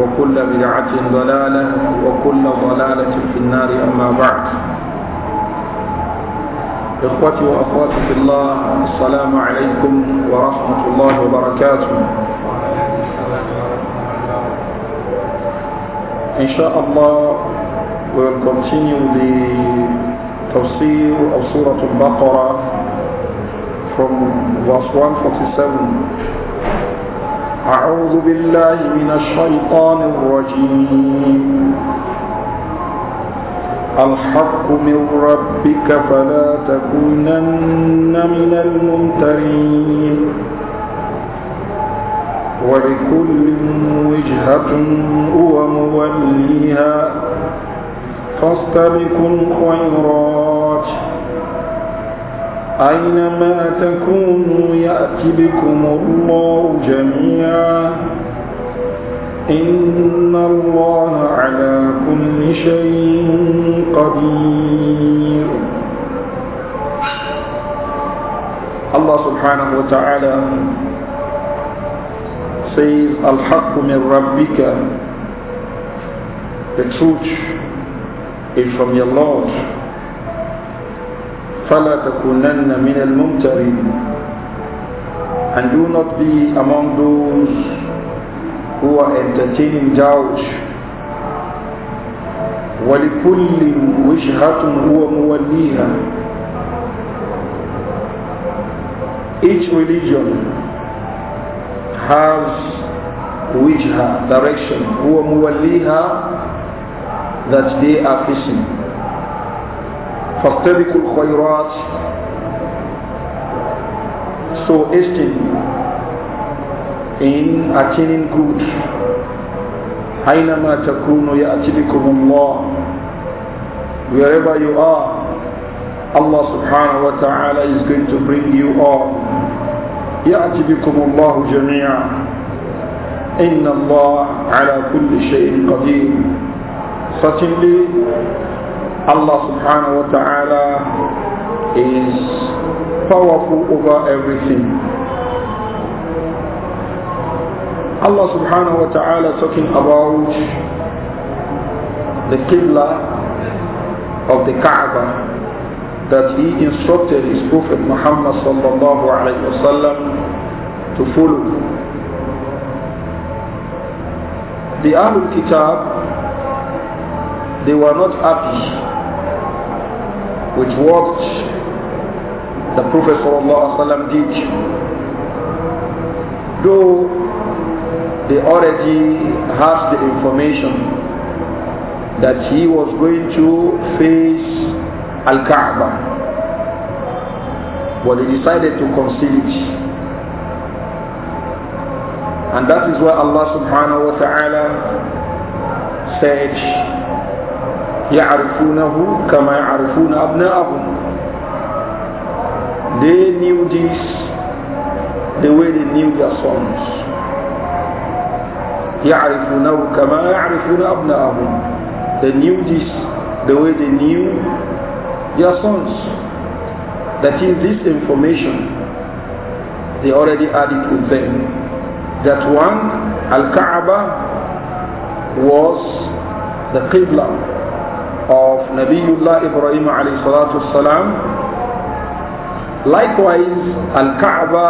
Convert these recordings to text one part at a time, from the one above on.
وكل بدعة ضلالة وكل ضلالة في النار أما بعد إخوتي وأخواتي في الله السلام عليكم ورحمة الله وبركاته إن شاء الله we will continue the تفسير of Surah Al-Baqarah from verse 147 أعوذ بالله من الشيطان الرجيم الحق من ربك فلا تكونن من الممترين ولكل وجهة هو موليها فاستبقوا الخيرات أينما تكونوا يأتي بكم الله جميعا إن الله على كل شيء قدير الله سبحانه وتعالى says الحق من ربك the truth is from your Lord فَلَا تَكُونَنَّ مِنَ الْمُمْتَرِينَ And do not be among those who are entertaining doubt. وَلِكُلِّ وِجْهَةٌ هُوَ مُوَلِّيهَا Each religion has wijha, direction, huwa muwalliha, that they are facing. فاستبقوا الخيرات so hasten in attaining good أينما تكون يأتي بكم الله wherever you are Allah subhanahu wa ta'ala is going to bring you all يأتي بكم الله جميعا إن الله على كل شيء قدير certainly Allah subhanahu wa ta'ala is powerful over everything. Allah subhanahu wa ta'ala talking about the Qibla of the Kaaba that he instructed his Prophet Muhammad sallallahu alayhi wasallam to follow. The Ahlul Kitab, they were not happy with what the Prophet ﷺ did. Though they already had the information that he was going to face Al-Kaaba, but he decided to conceal it. And that is why Allah subhanahu wa ta'ala said, يعرفونه كما يعرفون أبناءهم they knew this the way they knew their sons يعرفونه كما يعرفون أبناءهم they knew this the way they knew their sons that is this information they already had it with them that one Al-Kaaba was the Qibla Nabiullah Ibrahim alayhi salatu salam. Likewise, Al-Kaaba,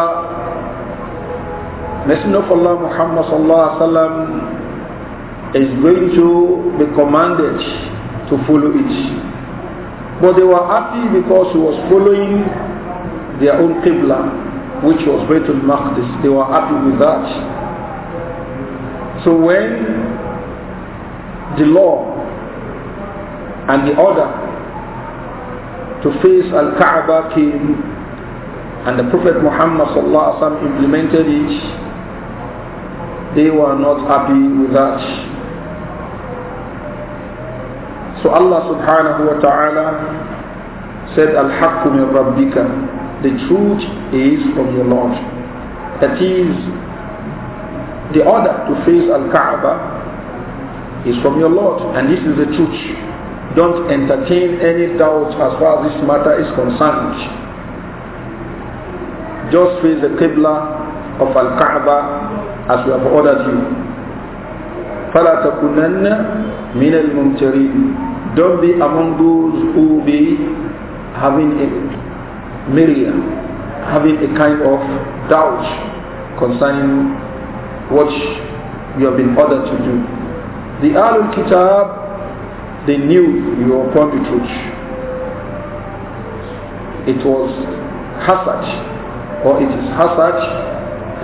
Messenger of Allah Muhammad sallallahu alayhi wasallam is going to be commanded to follow it. But they were happy because he was following their own Qibla, which was Baitul Maqdis. They were happy with that. So when the law and the order to face Al-Kaaba came and the Prophet Muhammad implemented it, they were not happy with that. So Allah subhanahu wa ta'ala said, Al-Haqqu min Rabbika, the truth is from your Lord. That is, the order to face Al-Kaaba is from your Lord and this is the truth don't entertain any doubt as far as this matter is concerned. Just face the Qibla of Al-Kaaba as we have ordered you. فَلَا تَكُنَنَّ مِنَ الْمُمْتَرِينَ Don't be among those who be having a myriad, having a kind of doubt concerning what you have been ordered to do. The Ahlul Kitab they knew you were upon the truth. It was hazard, or it is hazard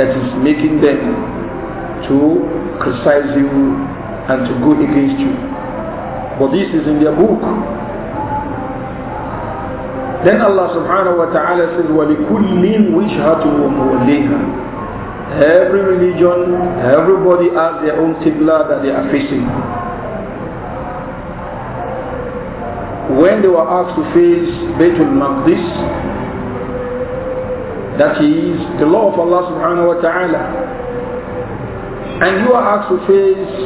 that is making them to criticize you and to go against you. But this is in their book. Then Allah subhanahu wa ta'ala says, وَلِكُلِّنْ وِجْهَةٌ وَمُوَلِّيهَا Every religion, everybody has their own tibla that they are facing. when they were asked to face Baitul Maqdis, that is the law of Allah subhanahu wa ta'ala, and you are asked to face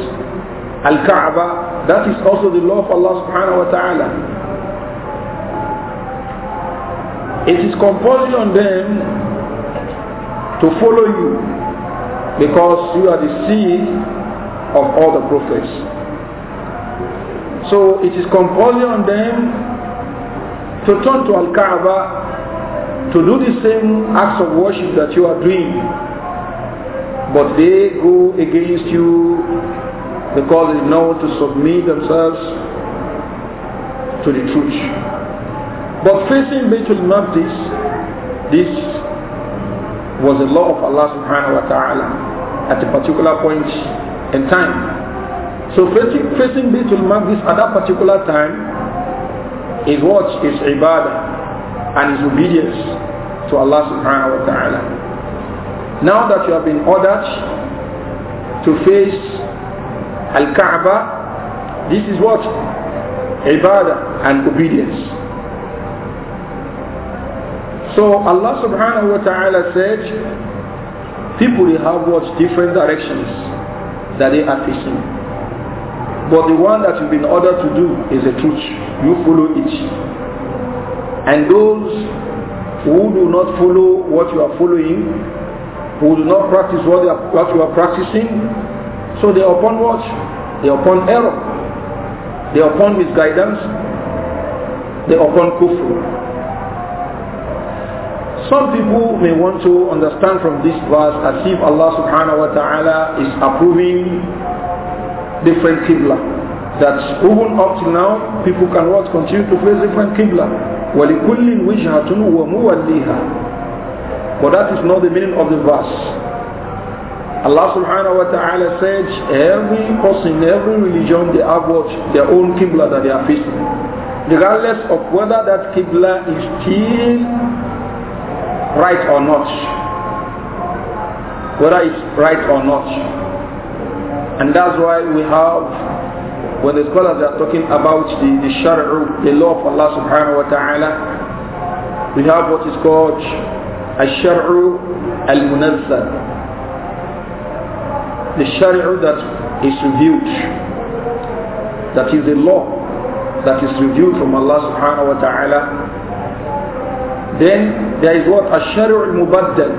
Al-Kaaba, that is also the law of Allah subhanahu wa ta'ala. It is compulsory on them to follow you because you are the seed of all the prophets. So it is compulsory on them to turn to Al-Kaaba to do the same acts of worship that you are doing. But they go against you because they know to submit themselves to the truth. But facing Baitul Maqdis, this was the law of Allah subhanahu wa ta'ala at a particular point in time. So facing, facing Baitul Maqdis at that particular time is what? Is ibadah and is obedience to Allah subhanahu wa ta'ala. Now that you have been ordered to face Al-Kaaba, this is what? Ibadah and obedience. So Allah subhanahu wa ta'ala said, people have what different directions that they are facing. But the one that you've been ordered to do is the truth. You follow it. And those who do not follow what you are following, who do not practice what, are, what you are practicing, so they are upon what? They are upon error. They are upon misguidance. They are upon kufr. Some people may want to understand from this verse as if Allah subhanahu wa ta'ala is approving different Qibla. That even up till now, people can what? Continue to face different Qibla. وَلِكُلِّ وِجْهَةٌ وَمُوَلِّيهَا But that is not the meaning of the verse. Allah subhanahu wa ta'ala says, every person, every religion, they have what? Their own Qibla that they are facing. Regardless of whether that Qibla is still right or not. Whether it's right or not. And that's why we have, when the scholars are talking about the, the shari'u, the law of Allah subhanahu wa ta'ala, we have what is called al-shari'u al-munazzal. The shari'u that is revealed, that is the law that is revealed from Allah subhanahu wa ta'ala. Then there is what? Al-shari'u al-mubaddal,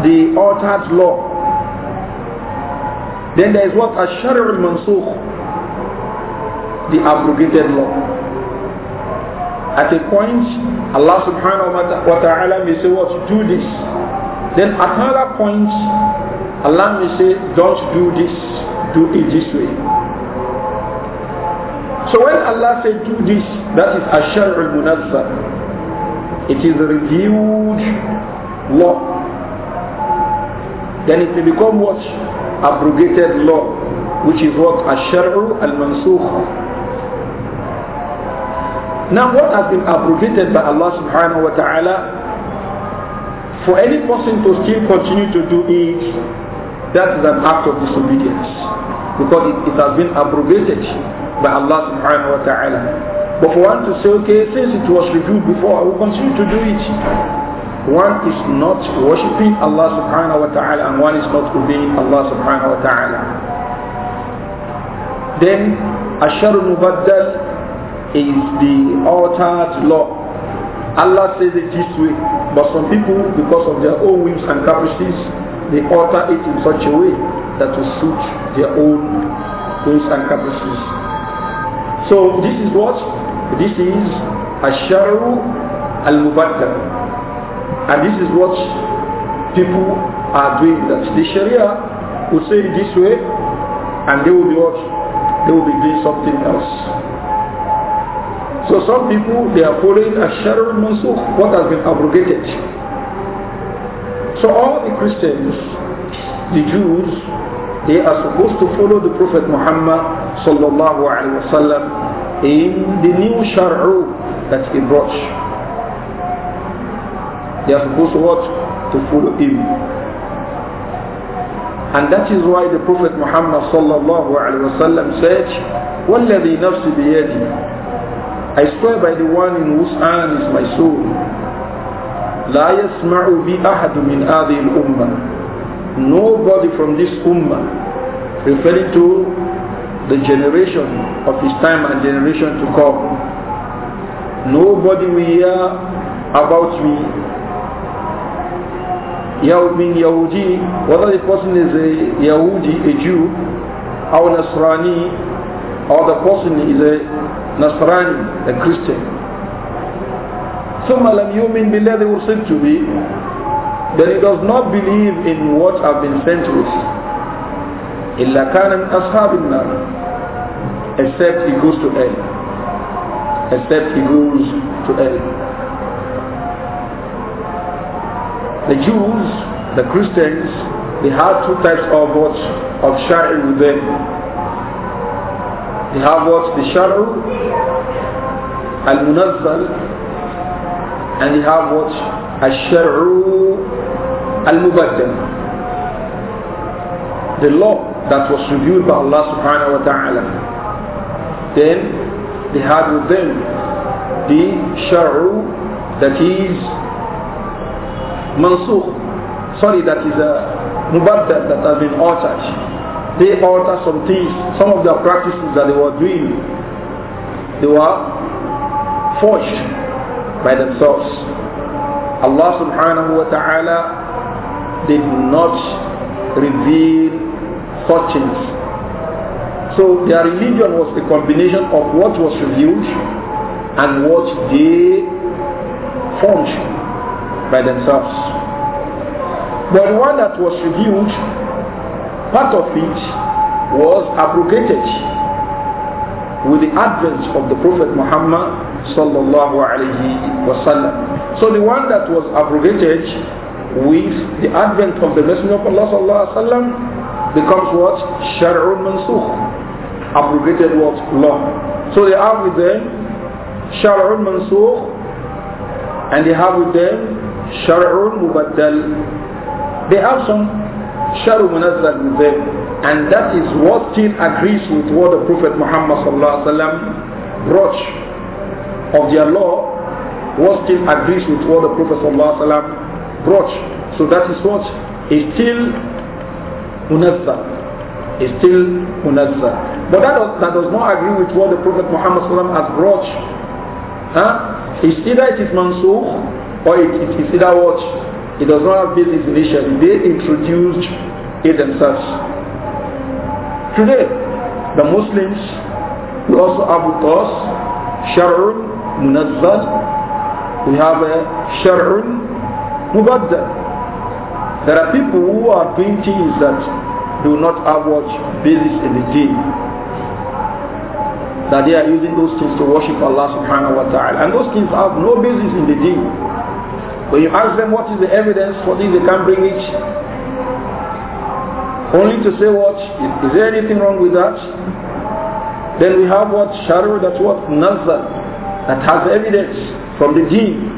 the altered law then there is what Ashari al-Mansukh, the abrogated law. At a point, Allah subhanahu wa ta'ala may say what, do this. Then at another point, Allah may say, don't do this, do it this way. So when Allah said do this, that is Ashari al-Munazzah. It is a renewed law. Then it may become what? abrogated law, which is what ash al-Mansukh. Now what has been abrogated by Allah subhanahu wa ta'ala, for any person to still continue to do it, that is an act of disobedience. Because it, it has been abrogated by Allah subhanahu wa ta'ala. But for one to say, okay, since it was reviewed before, I will continue to do it one is not worshipping Allah subhanahu wa ta'ala and one is not obeying Allah subhanahu wa ta'ala. Then Ashar Mubaddal is the altered law. Allah says it this way, but some people, because of their own whims and caprices, they alter it in such a way that will suit their own whims and caprices. So this is what? This is Asharu al-Mubaddal. And this is what people are doing. That the Sharia will say it this way and they will be what? They will be doing something else. So some people, they are following a Sharia Mansukh, what has been abrogated. So all the Christians, the Jews, they are supposed to follow the Prophet Muhammad sallallahu alaihi wasallam in the new Sharia that he brought. They are supposed to what? To follow him. And that is why the Prophet Muhammad sallallahu alaihi wasallam said, "Wallahi nafsi biyadi." I swear by the one in whose hand is my soul. لا يسمع بي أحد من هذه الأمة. Nobody from this ummah, referring to the generation of his time and generation to come. Nobody will hear about me Yahudi, whether the person is a Yahudi, a Jew, or Nasrani, or the person is a Nasrani, a Christian. ثم لم يؤمن بالذي أرسلت به that he does not believe in what I've been sent with إلا كان من أصحاب النار except he goes to hell except he goes to hell the Jews, the Christians, they have two types of what? Of Sharia with them. They have what? The Sharia, Al-Munazzal, and they have what? Al-Sharia, Al-Mubaddal. The law that was revealed by Allah subhanahu wa ta'ala. Then they had with them the Sharia that is mansukh, sorry, that is a uh, mubaddal that has been altered. They altered some things, some of their practices that they were doing, they were forged by themselves. Allah subhanahu wa ta'ala did not reveal such things. So their religion was a combination of what was revealed and what they formed by themselves. But the one that was revealed, part of it was abrogated with the advent of the Prophet Muhammad sallallahu alaihi wasallam. So the one that was abrogated with the advent of the Messenger of Allah sallallahu alaihi wasallam becomes what shar'un mansukh, abrogated what law. So they have with them shar'un mansukh, and they have with them شرع مبدل. They have some شرع منزل in them. And that is what still agrees with what the Prophet Muhammad الله عليه وسلم brought of their law. What still agrees with what the Prophet الله عليه وسلم brought. So that is what is still munazzal is still munazzah. But that does, that does not agree with what the Prophet Muhammad has brought. Huh? It's either it is mansukh or it, it is either what it does not have basis initially. They introduced it themselves. Today, the Muslims we also have with us Shar'un Munazzal. We have a Shar'un Mubaddal. There are people who are doing things that do not have what basis in the deen. That they are using those things to worship Allah subhanahu wa ta'ala. And those things have no basis in the deen. When you ask them what is the evidence for this, they can't bring it. Only to say what? Is there anything wrong with that? Then we have what? Sharu, that's what? Nazar. That has evidence from the deen.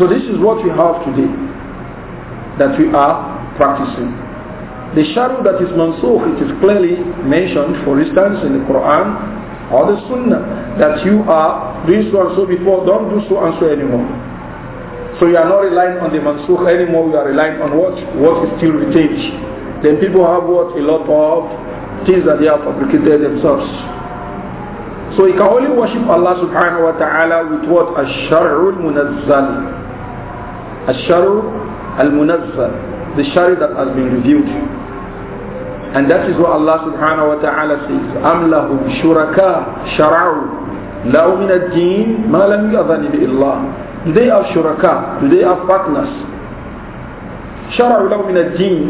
So this is what we have today. That we are practicing. The sharu that is mansukh, it is clearly mentioned, for instance, in the Quran, or the sunnah that you are doing so and so before, don't do so and so anymore. So you are not relying on the mansukh anymore, you are relying on what, what is still retained. Then people have what? A lot of things that they have fabricated themselves. So you can only worship Allah subhanahu wa ta'ala with what? Ash-shar'ul munazzal. Ash-shar'ul al-munazzal. The shari that has been revealed. And that is what Allah subhanahu wa ta'ala says, أَمْ لَهُمْ شُرَكَاءَ شَرَعُوا لَهُ مِنَ الدِّينِ مَا لَمْ يَأْذَنِ بِإِلَّهِ Do they have shuraka? Do they have partners? شَرَعُوا لَهُ مِنَ الدِّينِ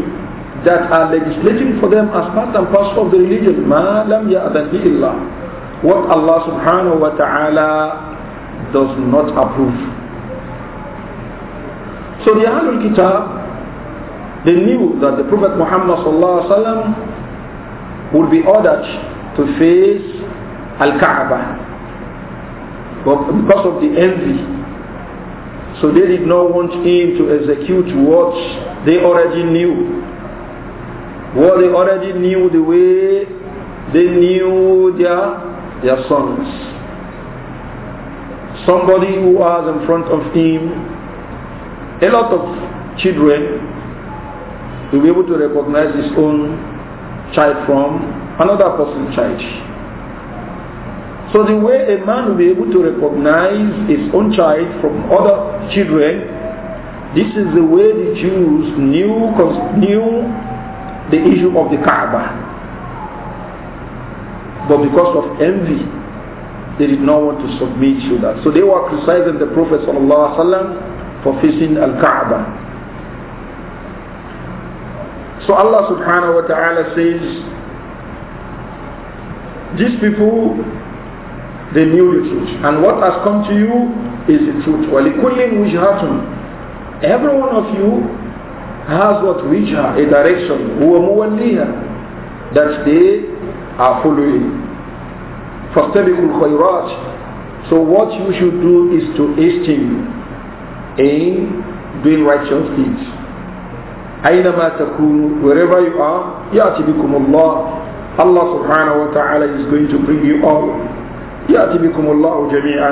that are legislating for them as part and parcel of the religion. مَا لَمْ يَأْذَنِ بِإِلَّهِ What Allah subhanahu wa ta'ala does not approve. So the Ahlul Kitab they knew that the Prophet Muhammad would be ordered to face Al-Kaaba because of the envy. So they did not want him to execute what they already knew. What they already knew the way they knew their, their sons. Somebody who was in front of him, a lot of children He'll be able to recognize his own child from another person's child. So the way a man will be able to recognize his own child from other children, this is the way the Jews knew, knew the issue of the Kaaba. But because of envy, they did not want to submit to that. So they were criticizing the Prophet ﷺ for facing Al-Kaaba. So Allah subhanahu wa ta'ala says, these people, they knew the truth. And what has come to you is the truth. وَلِكُلِّمْ وِجْهَةٌ Every one of you has what wijha, a direction, huwa muwalliha, that they are following. فَاسْتَبِقُوا الْخَيْرَاتِ So what you should do is to hasten in doing righteous deeds. أينما تكونوا wherever you are يأتي بكم الله Allah سبحانه وتعالى is going to bring you all يأتي بكم الله جميعا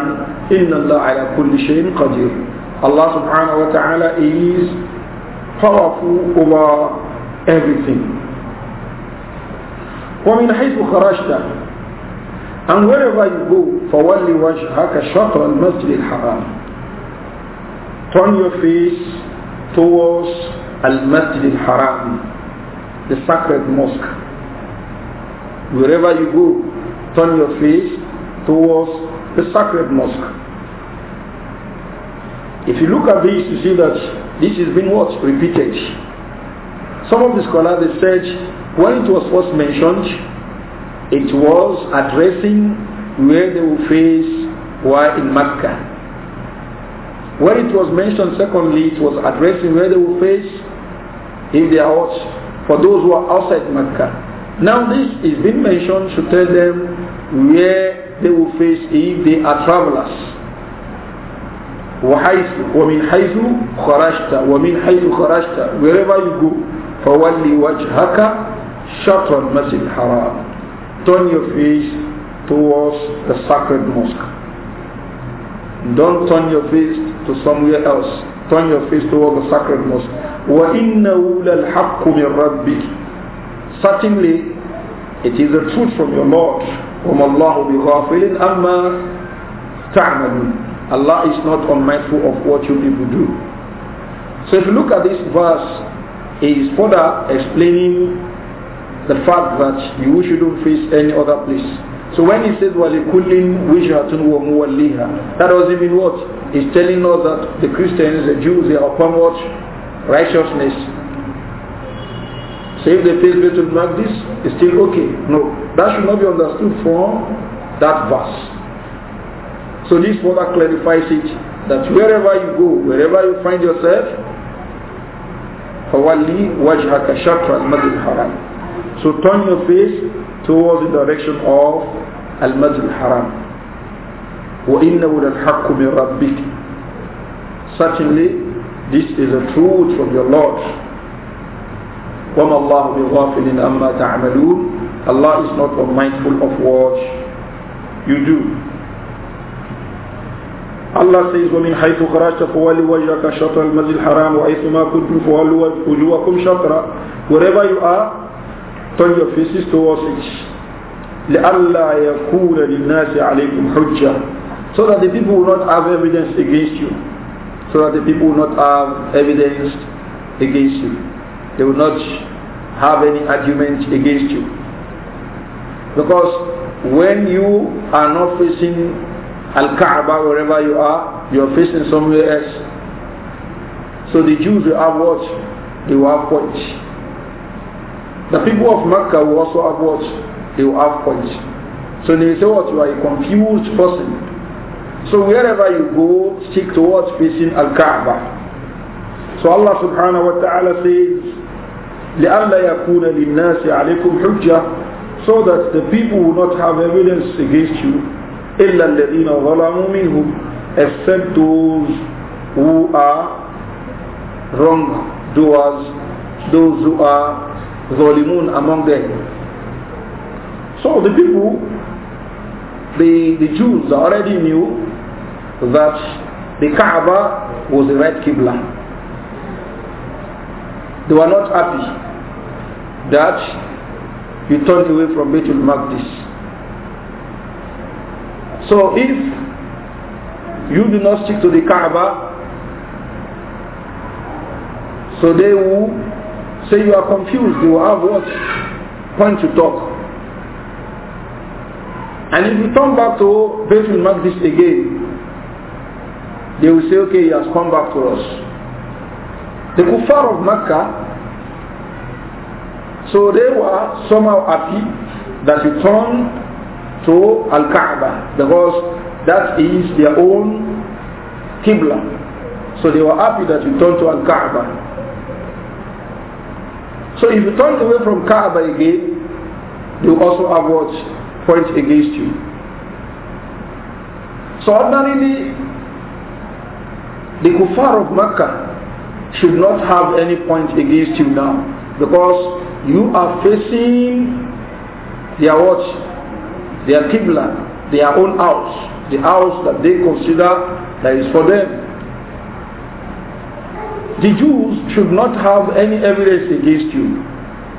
إن الله على كل شيء قدير Allah سبحانه وتعالى is powerful over everything ومن حيث خرجت and wherever you go فولي وجهك شطر المسجد الحرام turn your face towards Al-Masjid al-Haram, the sacred mosque. Wherever you go, turn your face towards the sacred mosque. If you look at this, you see that this has been what? Repeated. Some of the scholars they said when it was first mentioned, it was addressing where they will face while in Makkah. When it was mentioned secondly, it was addressing where they will face in their are For those who are outside Mecca. Now this is being mentioned to tell them where they will face if they are travelers. وحيث ومن حيث خرجت ومن حيث خرجت wherever you go wa وجهك شطر المسجد الحرام turn your face towards the sacred mosque don't turn your face to somewhere else Turn your face toward the sacred mosque. وَإِنَّهُ لَلْحَقُّ Certainly, it is the truth from your Lord. وَمَا اللَّهُ بِغَافِلٍ أَمَّا تَعْمَلُونَ Allah is not unmindful of what you people do. So if you look at this verse, it is further explaining the fact that you shouldn't face any other place. So when he says وَلِكُلٍ وِجْهَةٌ وَمُوَلِّهَا That doesn't mean what? is telling us that the Christians, the Jews, they are upon what? Righteousness. So if they pay Betul this, it's still okay. No, that should not be understood from that verse. So this further clarifies it that wherever you go, wherever you find yourself, فَوَلِّي وَجْهَكَ شَطْرَ الْمَدْرِ So turn your face towards the direction of Al-Masjid Haram. وَإِنَّهُ لَلْحَقُّ مِنْ رَبِّكِ Certainly, this is a truth from your Lord. وَمَا اللَّهُ بِغَافِلٍ أَمَّا تَعْمَلُونَ Allah is not unmindful of what you do. Allah says, وَمِنْ حَيْثُ خَرَجْتَ فَوَلِّ وَجْهَكَ شَطْرَ الْمَسْجِدِ الْحَرَامِ وَحَيْثُمَا كُنْتُمْ فَوَلُّوا وُجُوهَكُمْ شطرا Wherever you are, turn your faces towards it. لألا يكون للناس عليكم حجة so that the people will not have evidence against you, so that the people will not have evidence against you. They will not have any argument against you. Because when you are not facing Al-Kaaba, wherever you are, you are facing somewhere else. So the Jews will have what? They will have points. The people of Mecca will also have what? They will have points. So they say what? You are a confused person. So wherever you go, stick towards facing Al-Kaaba. So Allah subhanahu wa ta'ala says, لئلا يكون للناس عليكم حجة so that the people will not have evidence against you إلا الذين ظلموا منهم except those who are wrongdoers those who are ظالمون among them so the people the, the Jews already knew that the Kaaba was the right Qibla. They were not happy that you turned away from Baitul Maqdis. So if you do not stick to the Kaaba, so they will say you are confused, they will have what? Point to talk. And if you turn back to Baitul Maqdis again, they will say, okay, he has come back to us. The kuffar of Mecca, so they were somehow happy that he turned to Al-Kaaba because that is their own Qibla. So they were happy that you turned to Al-Kaaba. So if you turn away from Kaaba again, you also have what? Points against you. So ordinarily, the kuffar of Makkah should not have any point against you now because you are facing their what? Their Qibla, their own house, the house that they consider that is for them. The Jews should not have any evidence against you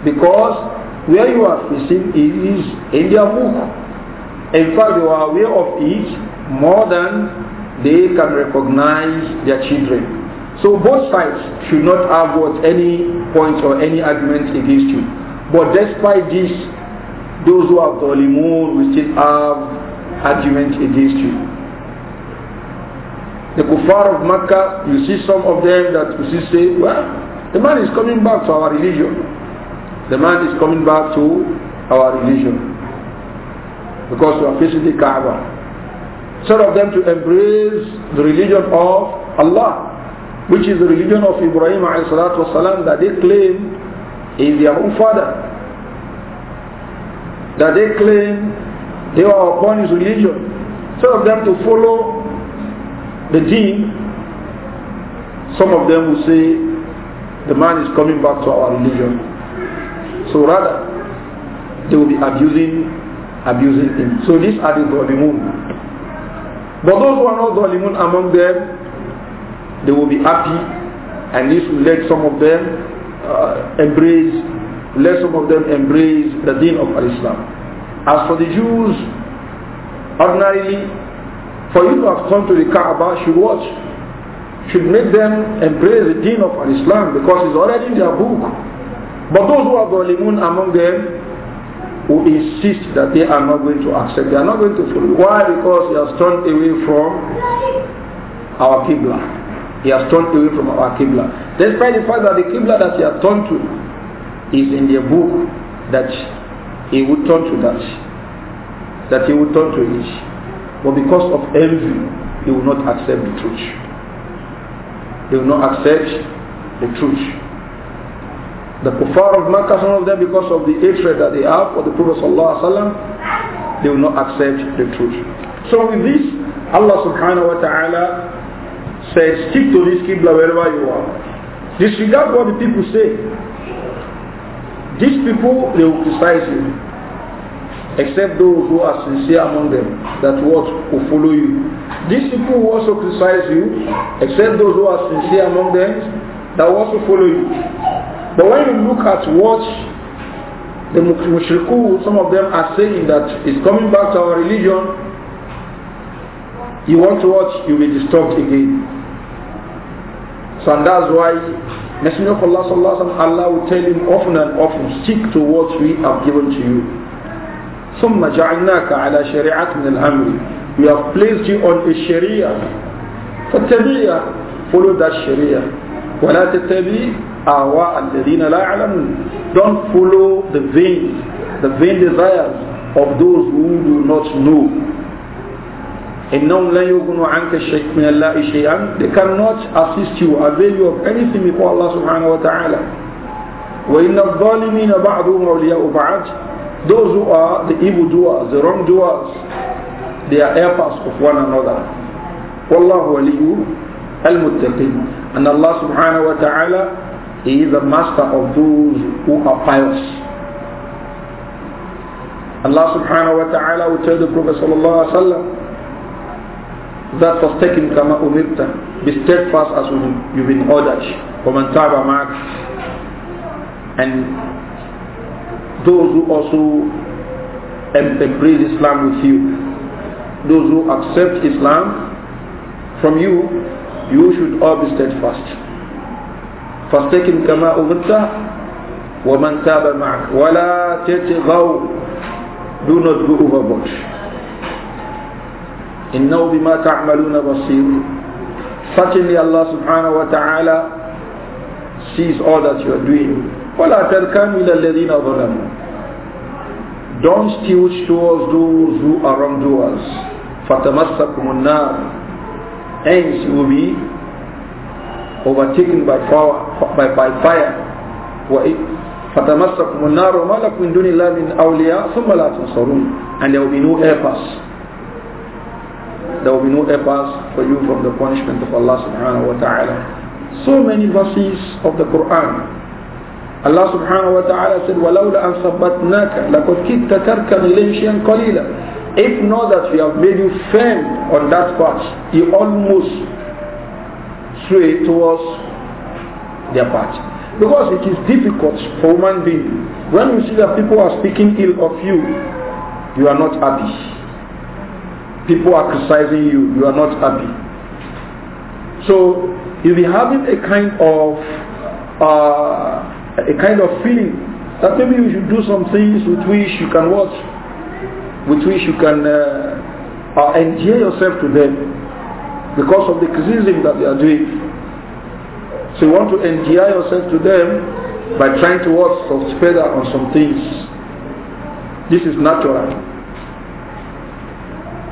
because where you are facing is in their book. In fact, you are aware of it more than they can recognize their children. So both sides should not have what any points or any argument against you. But despite this, those who have Dolimun will still have argument against you. The kuffar of Makkah, you see some of them that you see say, well, the man is coming back to our religion. The man is coming back to our religion. Because we are facing the Kaaba instead of them to embrace the religion of Allah, which is the religion of Ibrahim والسلام, that they claim is their own father. That they claim they were upon his religion. Instead of them to follow the deen, some of them will say the man is coming back to our religion. So rather, they will be abusing, abusing him. So these are the problems. But those who are not zalimun among them, they will be happy and this will let some of them uh, embrace, let some of them embrace the deen of Islam. As for the Jews, ordinarily, for you to have come to the Kaaba should watch, should make them embrace the deen of Islam because it's already in their book. But those who are zalimun among them, who insist that they are not going to accept, they are not going to follow. Why? Because he has turned away from our Qibla. He has turned away from our Qibla. Despite the fact that the Qibla that he has turned to is in the book that he would turn to that, that he would turn to it. But because of envy, he will not accept the truth. He will not accept the truth. The kuffar of Makkah, some of them, because of the hatred that they have for the Prophet ﷺ, they will not accept the truth. So with this, Allah subhanahu wa ta'ala says, stick to this Qibla wherever you are. Disregard what the people say. These people, they will criticize you. Except those who are sincere among them, that what will follow you. These people will also criticize you, except those who are sincere among them, that will also follow you. But when you look at what the mushriku, some of them are saying that it's coming back to our religion, you want to watch, you'll be disturbed again. So and that's why Messenger of Allah sallallahu alaihi Allah will tell him often and often, stick to what we have given to you. ثم جعلناك على شريعة من الأمر we have placed you on a sharia فاتبعها follow that sharia ولا تتبع awa al-ladina la ya'lamun. Don't follow the vain, the vain desires of those who do not know. إنهم لا يغنوا عنك شيء من الله شيئا they cannot assist you avail you of anything before Allah subhanahu wa ta'ala وإن الظالمين بعضهم أولياء بعض those who are the evil doers, the wrongdoers they are helpers of one another والله al-Muttaqin, and Allah subhanahu wa ta'ala he is the master of those who are pious. Allah subhanahu wa ta'ala will tell the Prophet sallallahu alaihi wasallam that taking kama أمرت be steadfast as you've been ordered ومن تاب معك and those who also embrace Islam with you those who accept Islam from you you should all be steadfast فاستقم كما أمرت ومن تاب معك ولا تتغوا دون تغوا بوش إنه بما تعملون بصير فتني الله سبحانه وتعالى sees all that you are doing ولا تركنوا إلى الذين ظلموا don't stooge towards those who are wrongdoers فتمسكم النار hence you will be overtaken by fire by, by fire فتمسكم النار وما لكم من دون الله من أولياء ثم لا تنصرون and there will be no air there will be no air for you from the punishment of Allah subhanahu wa ta'ala so many verses of the Quran Allah subhanahu wa ta'ala said وَلَوْلَا أَنْ ثَبَّتْنَاكَ لَقَدْ كِدْتَ تَرْكَنْ لَيْشِيًا قَلِيلًا if not that we have made you firm on that part, you almost sway towards their party. Because it is difficult for human being. When you see that people are speaking ill of you, you are not happy. People are criticizing you, you are not happy. So you'll be having a kind of uh, a kind of feeling that maybe you should do some things with which you can watch, with which you can uh, uh, endear yourself to them because of the criticism that they are doing. So you want to endear yourself to them by trying to work some feather on some things. This is natural.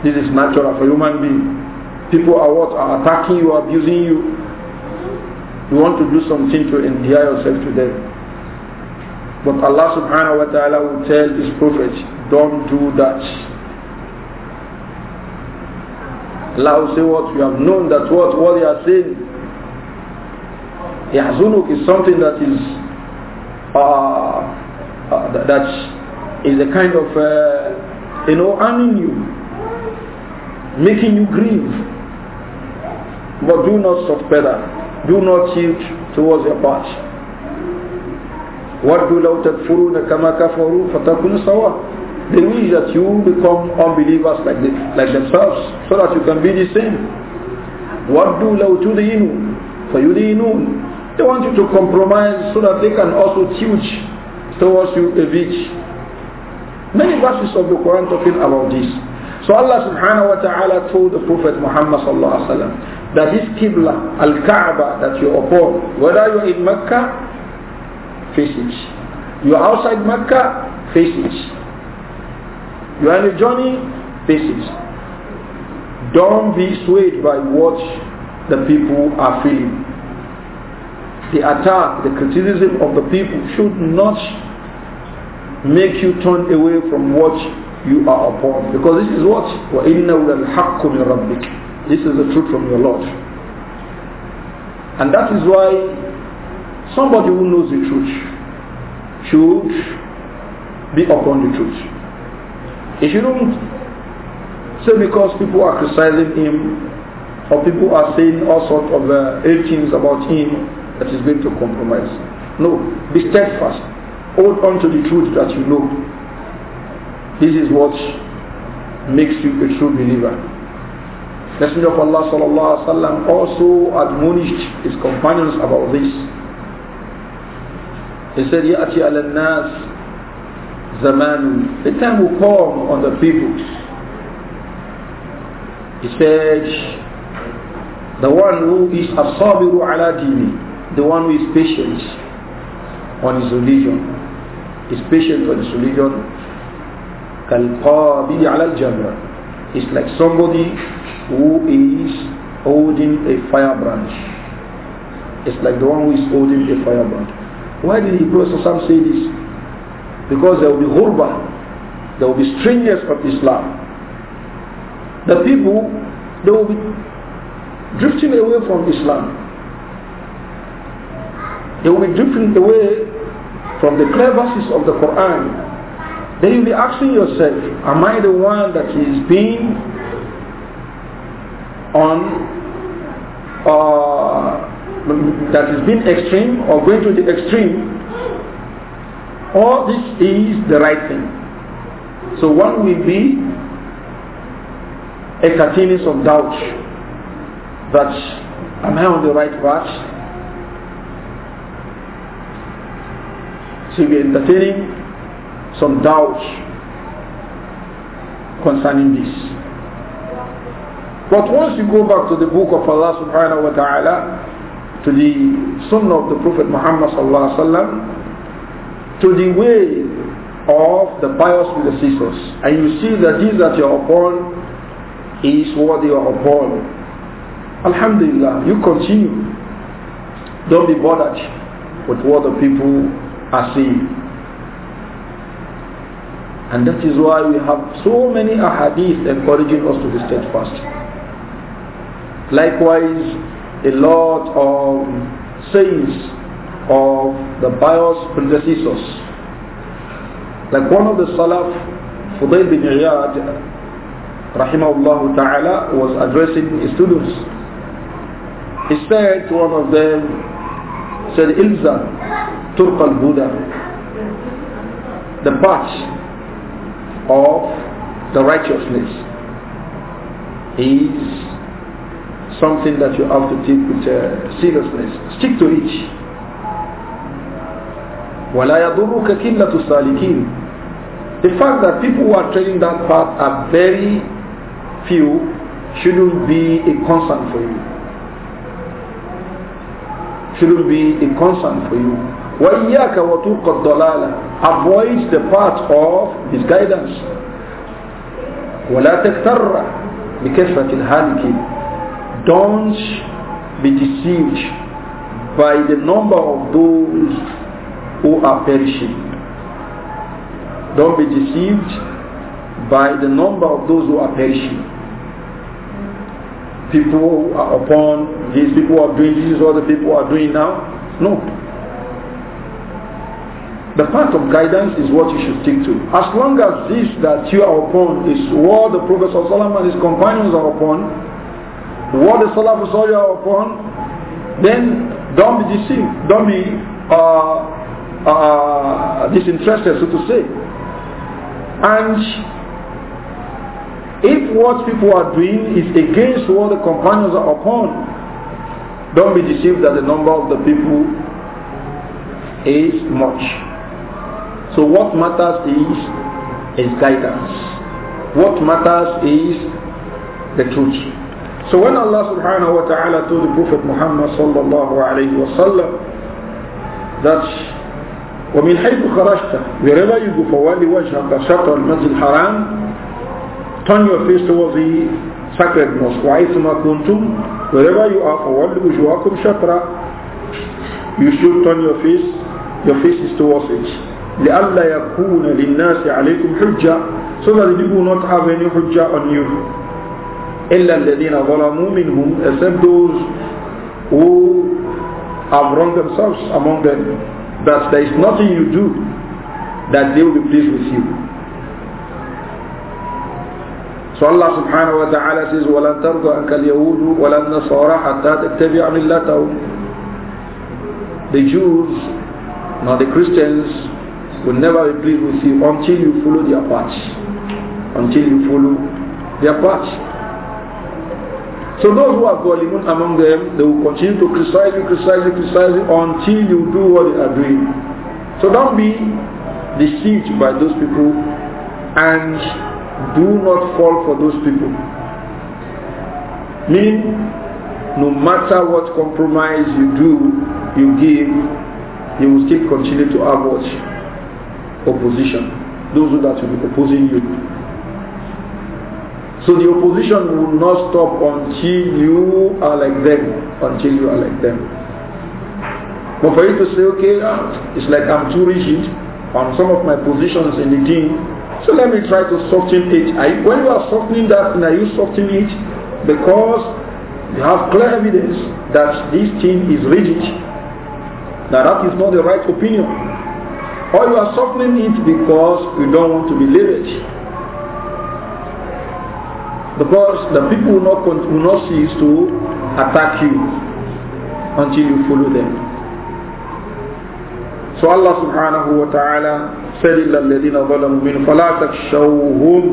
This is natural for human being. People are what? Are attacking you, abusing you. You want to do something to endear yourself to them. But Allah subhanahu wa ta'ala will tell his prophet, don't do that. Allah will say what you have known that what what they are saying Yahzunuk is something that is uh, uh, that is a kind of uh, you know harming you making you grieve but do not stop that. do not yield towards your path وَدُّوا لَوْ تَكْفُرُونَ كَمَا كَفَرُوا فَتَكُونُ سَوَاءً they wish that you become unbelievers like, the, like themselves so that you can be the same. What do to the Inu? For you, the Inu, They want you to compromise so that they can also teach towards you a bit. Many verses of the Quran talking about this. So Allah subhanahu wa ta'ala told the Prophet Muhammad sallallahu alaihi wasallam that this Qibla, Al-Kaaba that you upon, whether you're in Mecca, face it. You're outside Mecca, face it. You are on a journey basis. Don't be swayed by what the people are feeling. The attack, the criticism of the people should not make you turn away from what you are upon. Because this is what? This is the truth from your Lord. And that is why somebody who knows the truth should be upon the truth. If you do not say because people are criticizing him or people are saying all sorts of uh, ill things about him that he's going to compromise. No, be steadfast. Hold on to the truth that you know. This is what makes you a true believer. Messenger of Allah sallallahu alaihi wasallam also admonished his companions about this. He said, ati al nas Zaman, the time will come on the people. He said, the one who is asabiru ala dini, the one who is patient on his religion, is patient on his religion, kalqabili ala jamra, is like somebody who is holding a fire branch. It's like the one who is holding a fire branch. Why did the Prophet say this? Because there will be ghurbah, there will be strangers of Islam. The people, they will be drifting away from Islam. They will be drifting away from the crevices of the Quran. Then you'll be asking yourself, am I the one that is being on uh, that is being extreme or going to the extreme all this is the right thing. So one will be a continuous of doubt that am I on the right path? So you're entertaining some doubt concerning this. But once you go back to the book of Allah subhanahu wa ta'ala, to the sunnah of the Prophet Muhammad sallallahu alaihi wasallam, to the way of the pious predecessors. And you see that this that you are upon is what you are upon. Alhamdulillah, you continue. Don't be bothered with what the people are saying. And that is why we have so many ahadith encouraging us to be steadfast. Likewise, a lot of sayings of the pious predecessors. Like one of the Salaf, Fudayl bin Iyad, rahimahullah ta'ala, was addressing his students. He said to one of them, said, Ilza, Turk al-Buddha, the path of the righteousness is something that you have to take with uh, seriousness. Stick to it. وَلَا يَضُرُّكَ كِلَّةُ السَّالِكِينَ The fact that people who are treading that path are very few shouldn't be a concern for you. Shouldn't be a concern for you. وَإِيَّاكَ وَتُوقَ الضَّلَالَ Avoid the path of misguidance. وَلَا تَكْتَرَّ بِكَثْرَةِ الْهَالِكِينَ Don't be deceived by the number of those who are perishing. Don't be deceived by the number of those who are perishing. People are upon these people are doing this is what the people are doing now. No. The path of guidance is what you should stick to. As long as this that you are upon is what the Prophet and his companions are upon, what the Salaf are upon, then don't be deceived, don't be uh, uh, disinterested, so to say. And if what people are doing is against what the companions are upon, don't be deceived that the number of the people is much. So what matters is is guidance. What matters is the truth. So when Allah subhanahu wa ta'ala told the Prophet Muhammad sallallahu alayhi wa sallam that ومن حيث خرجت برضاك فول وجهك شطر المسجد الحرام turn your face towards the sacred mosque وعيثما كنتم wherever you are فولوا وجوهكم شطرا you should turn your face your face is towards it لألا يكون للناس عليكم حجة so that you will not have any حجة on you إلا الذين ظلموا منهم except those who have wronged themselves among them that there is nothing you do that they will be pleased with you. So Allah subhanahu wa ta'ala says, وَلَنْ تَرْضَ أَنْكَ الْيَهُودُ وَلَا النَّصَارَ حَتَّى تَتَّبِعَ مِلَّتَهُمْ The Jews, not the Christians, will never be pleased with you until you follow their path. Until you follow their path. So those who are Zalimun among them, they will continue to criticize you, criticize you, criticize you until you do what they are doing. So don't be deceived by those people and do not fall for those people. Meaning, no matter what compromise you do, you give, you will still continue to have Opposition. Those who that will be opposing you. So the opposition will not stop until you are like them, until you are like them. But for you to say, okay, ah, it's like I'm too rigid on some of my positions in the team, so let me try to soften it. when you are softening that, are you softening it? Because you have clear evidence that this team is rigid. Now that is not the right opinion. Or you are softening it because you don't want to be labeled. Because the people will not, will not cease to attack you until you follow them. So Allah subhanahu wa ta'ala said, إِلَّا الَّذِينَ فَلَا تَكْشَوْهُمْ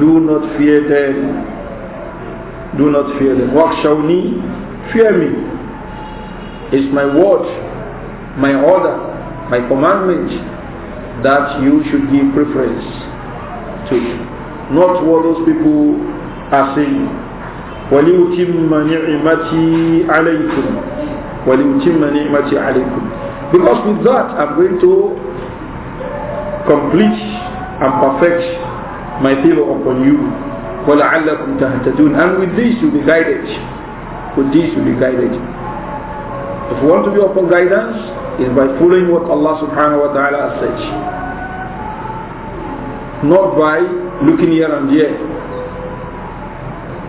Do not fear them. Do not fear them. وَاخْشَوْنِي Fear me. It's my word, my order, my commandment that you should give preference to not what those people are saying. وَلِيُتِمَّ نِعْمَتِي عَلَيْكُمْ وَلِيُتِمَّ نِعْمَتِي عَلَيْكُمْ Because with that, I'm going to complete and perfect my favor upon you. وَلَعَلَّكُمْ تَهْتَدُونَ And with this, you'll be guided. With this, you'll be guided. If you want to be upon guidance, it's by following what Allah subhanahu wa ta'ala has said not by looking here and there.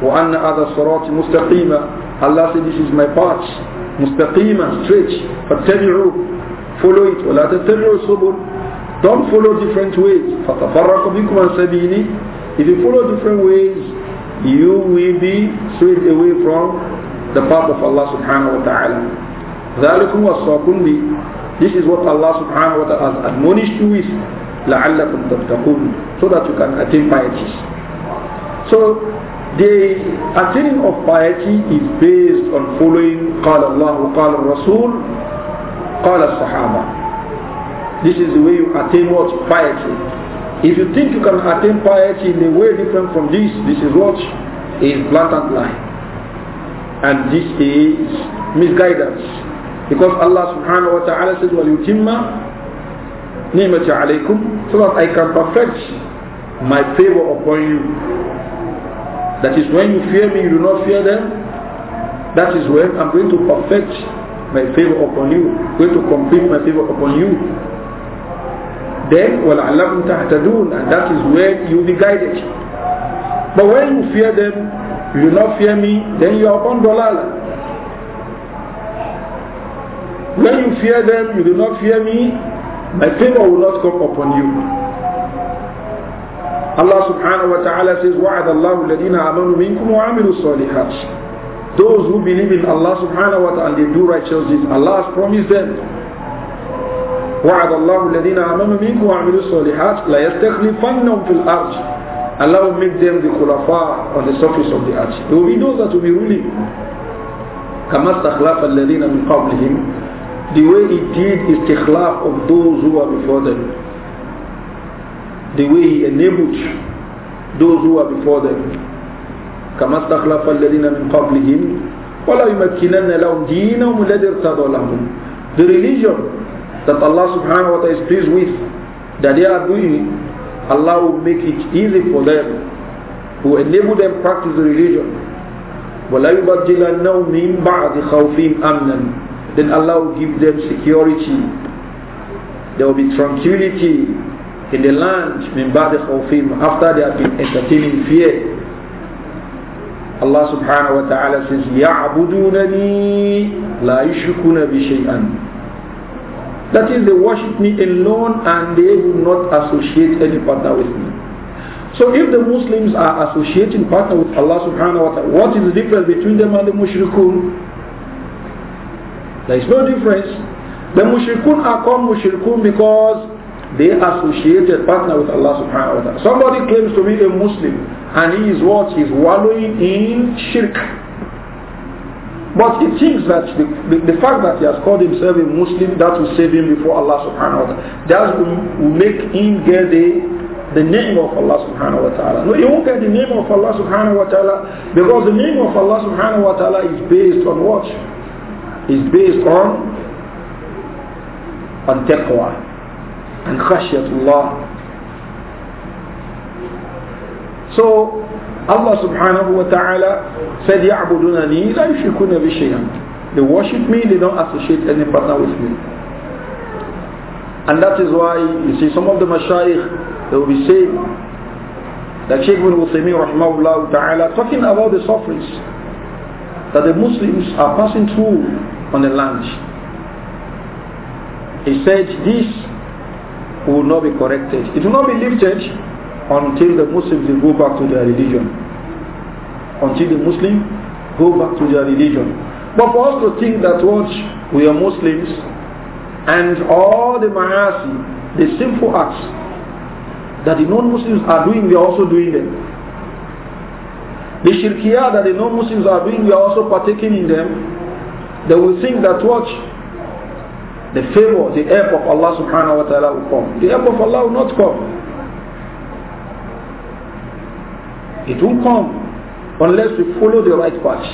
وَأَنَّ أَذَا صِرَاطِ مُسْتَقِيمًا Allah said, this is my path, مُسْتَقِيمًا, straight, فَاتَّبِعُوا Follow it, وَلَا تَتَّبِعُوا السُّبُلَ Don't follow different ways. فَتَفَرَّقُ بِكُمْ عَنْ سَبِيلِي If you follow different ways, you will be straight away from the path of Allah subhanahu wa ta'ala. ذَلِكُمْ وَصَّاكُمْ بِهِ This is what Allah subhanahu wa ta'ala has admonished you with لَعَلَّكُمْ تَتَّقُونَ So that you can attain piety. So the attaining of piety is based on following قال الله قال الرسول قال الصحابة. This is the way you attain what? Piety. If you think you can attain piety in a way different from this, this is what is blatant lie. And this is misguidance. Because Allah subhanahu wa ta'ala says, وَلْيُتِمَّ ni'mata alaykum so that I can perfect my favor upon you. That is when you fear me, you do not fear them. That is when I'm going to perfect my favor upon you, going to complete my favor upon you. Then, وَلَعَلَّكُمْ تَهْتَدُونَ And that is where you'll be guided. But when you fear them, you do not fear me, then you are upon dalala. When you fear them, you do not fear me, my favor will not come upon you. Allah subhanahu wa ta'ala says, وَعَدَ اللَّهُ الَّذِينَ آمَنُوا مِنْكُمْ وَعَمِلُوا الصَّالِحَاتِ Those who believe in Allah subhanahu wa ta'ala and they do righteous deeds, Allah has promised them. وَعَدَ اللَّهُ الَّذِينَ آمَنُوا مِنْكُمْ وَعَمِلُوا الصَّالِحَاتِ لَيَسْتَخْلِفَنَّهُمْ فِي الْأَرْضِ Allah will make them the khulafa on the surface of the earth. There will be those that will be ruling. كما استخلف الذين من قبلهم the way he did istikhlaf of those who are before them, the way he enabled those who are before them. كما استخلف الذين من قبلهم ولا يمكنن لهم دينهم الذي ارتضى لهم The religion that Allah subhanahu wa ta'ala is pleased with, that they are doing, Allah will make it easy for them, will enable them to practice the religion. وَلَا يُبَدِّلَنَّهُ مِنْ بَعْدِ خَوْفِهِمْ أَمْنًا then Allah will give them security. There will be tranquility in the land the ba of Him after they have been entertaining fear. Allah subhanahu wa ta'ala says ya'budunani la yushrikuna bi shay'an. That is they worship me alone and they will not associate any partner with me. So if the Muslims are associating partner with Allah subhanahu wa ta'ala, what is the difference between them and the mushrikun? There is no difference. The mushrikun are called mushrikun because they associated partner with Allah subhanahu wa ta'ala. Somebody claims to be a Muslim and he is what? He's wallowing in shirk. But he thinks that the, the, the, fact that he has called himself a Muslim, that will save him before Allah subhanahu wa ta'ala. That will make him get the, the name of Allah subhanahu wa ta'ala. No, he won't get the name of Allah subhanahu wa ta'ala because the name of Allah subhanahu wa ta'ala is based on what? is based on on taqwa and khashyatullah. So Allah subhanahu wa ta'ala said, يَعْبُدُونَنِي لَا bi shay'an." They worship me, they don't associate any partner with me. And that is why you see some of the mashayikh, they will be saying, like Shaykh bin Uthaymeen rahimahullah ta'ala, talking about the sufferings that the Muslims are passing through on the land. He said this will not be corrected. It will not be lifted until the Muslims go back to their religion. Until the Muslims go back to their religion. But for us to think that what we are Muslims and all the ma'asi, the sinful acts that the non-Muslims are doing, we are also doing them. The shirkiyah that the non-Muslims are doing, we are also partaking in them they will think that what? The favor, the help of Allah subhanahu wa ta'ala will come. The help of Allah will not come. It won't come unless we follow the right path.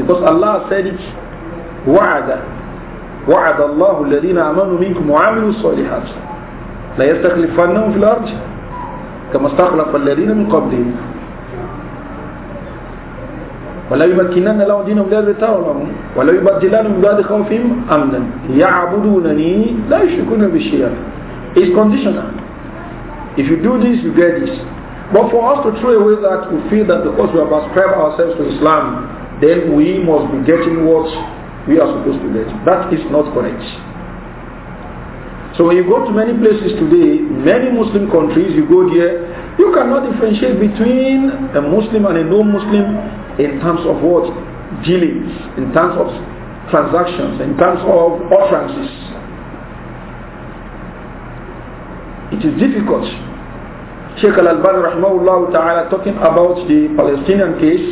Because Allah said it, وَعَدَ وعد الله الذين آمنوا منكم وعملوا الصالحات لا يستخلفنهم في الأرض كما استخلف الذين من قبلهم ولا يمكنن لهم دينهم الذي ارتضى ولا يبدلنهم من بعد خوفهم امنا يعبدونني لا يشركون بي It's conditional. If you do this, you get this. But for us to throw away that, we feel that because we have ascribed ourselves to Islam, then we must be getting what we are supposed to get. That is not correct. So when you go to many places today, many Muslim countries, you go there, you cannot differentiate between a Muslim and a non-Muslim in terms of what? Dealings, in terms of transactions, in terms of utterances. It is difficult. Sheikh Al-Albani rahmahullah ta'ala talking about the Palestinian case.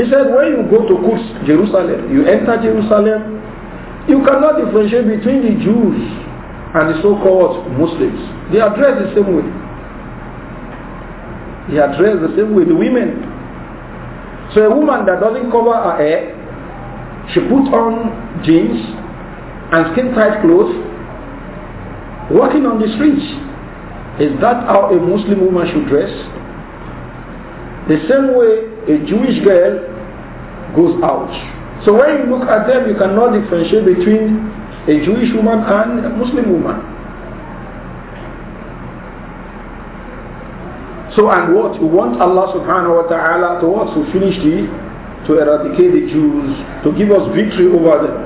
He said when you go to Jerusalem, you enter Jerusalem, you cannot differentiate between the Jews and the so-called Muslims. They are dressed the same way. They are dressed the same way. The women so a woman that doesn't cover her hair, she puts on jeans and skin tight clothes, walking on the streets. Is that how a Muslim woman should dress? The same way a Jewish girl goes out. So when you look at them, you cannot differentiate between a Jewish woman and a Muslim woman. So and what you want Allah subhanahu wa ta'ala to what? To finish the, to eradicate the Jews, to give us victory over them.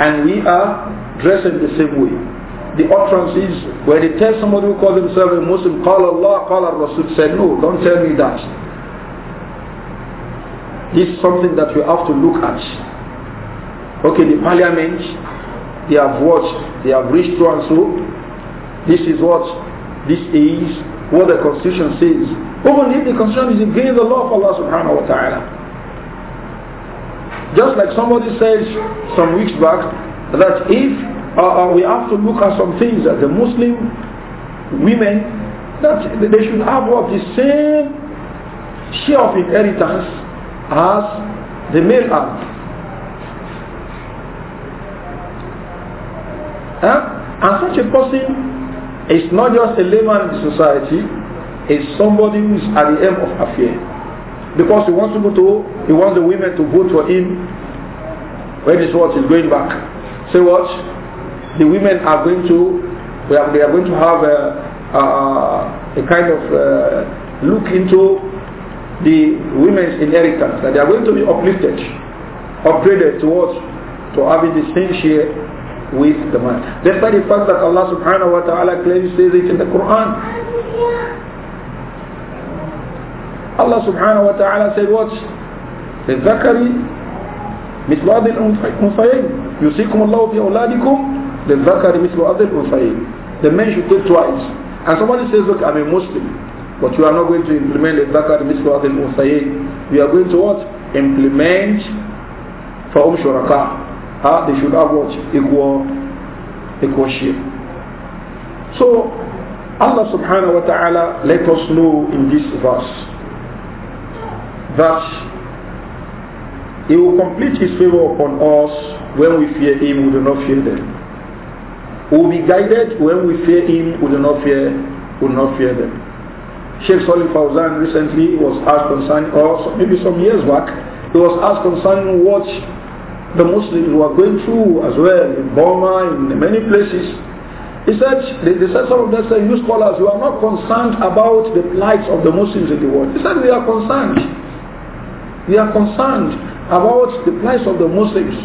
And we are dressed in the same way. The utterances where they tell somebody who calls himself a Muslim, call Allah, call Allah Rasul, said no, don't tell me that. This is something that we have to look at. Okay, the parliament, they have watched, they have reached to and so. This is what, this is what the constitution says, Only the constitution is against the law of Allah subhanahu wa ta'ala. Just like somebody says some weeks back that if uh, uh, we have to look at some things that the Muslim women that they should have what the same share of inheritance as the male have. Huh? And such a person it's not just a layman in society, it's somebody who is at the end of affair. Because he wants to go to he wants the women to vote for him when his is going back. Say so what? The women are going to we are, they are going to have a, a, a kind of uh, look into the women's inheritance, that they are going to be uplifted, upgraded towards to having the same share with the man. Despite the fact that Allah subhanahu wa ta'ala clearly says it in the Quran. Allah subhanahu wa ta'ala said what? للذكر مثل أرض الأنثيين يوصيكم الله في أولادكم للذكر مثل أرض الأنثيين The men should take twice. And somebody says, look, I'm a Muslim, but you are not going to implement للذكر مثل أرض الأنثيين. We are going to what? Implement فهم شركاء huh? they should have what? Equal, equal share. So Allah subhanahu wa ta'ala let us know in this verse that He will complete His favor upon us when we fear Him, we do not fear them. We will be guided when we fear Him, we do not fear, we do not fear them. Sheikh Salih Fawzan recently was asked concerning, or maybe some years back, he was asked concerning what the Muslims who are going through as well in Burma, in many places. He said, they, they said some of them said, you scholars, you are not concerned about the plight of the Muslims in the world. He said, we are concerned. We are concerned about the plight of the Muslims.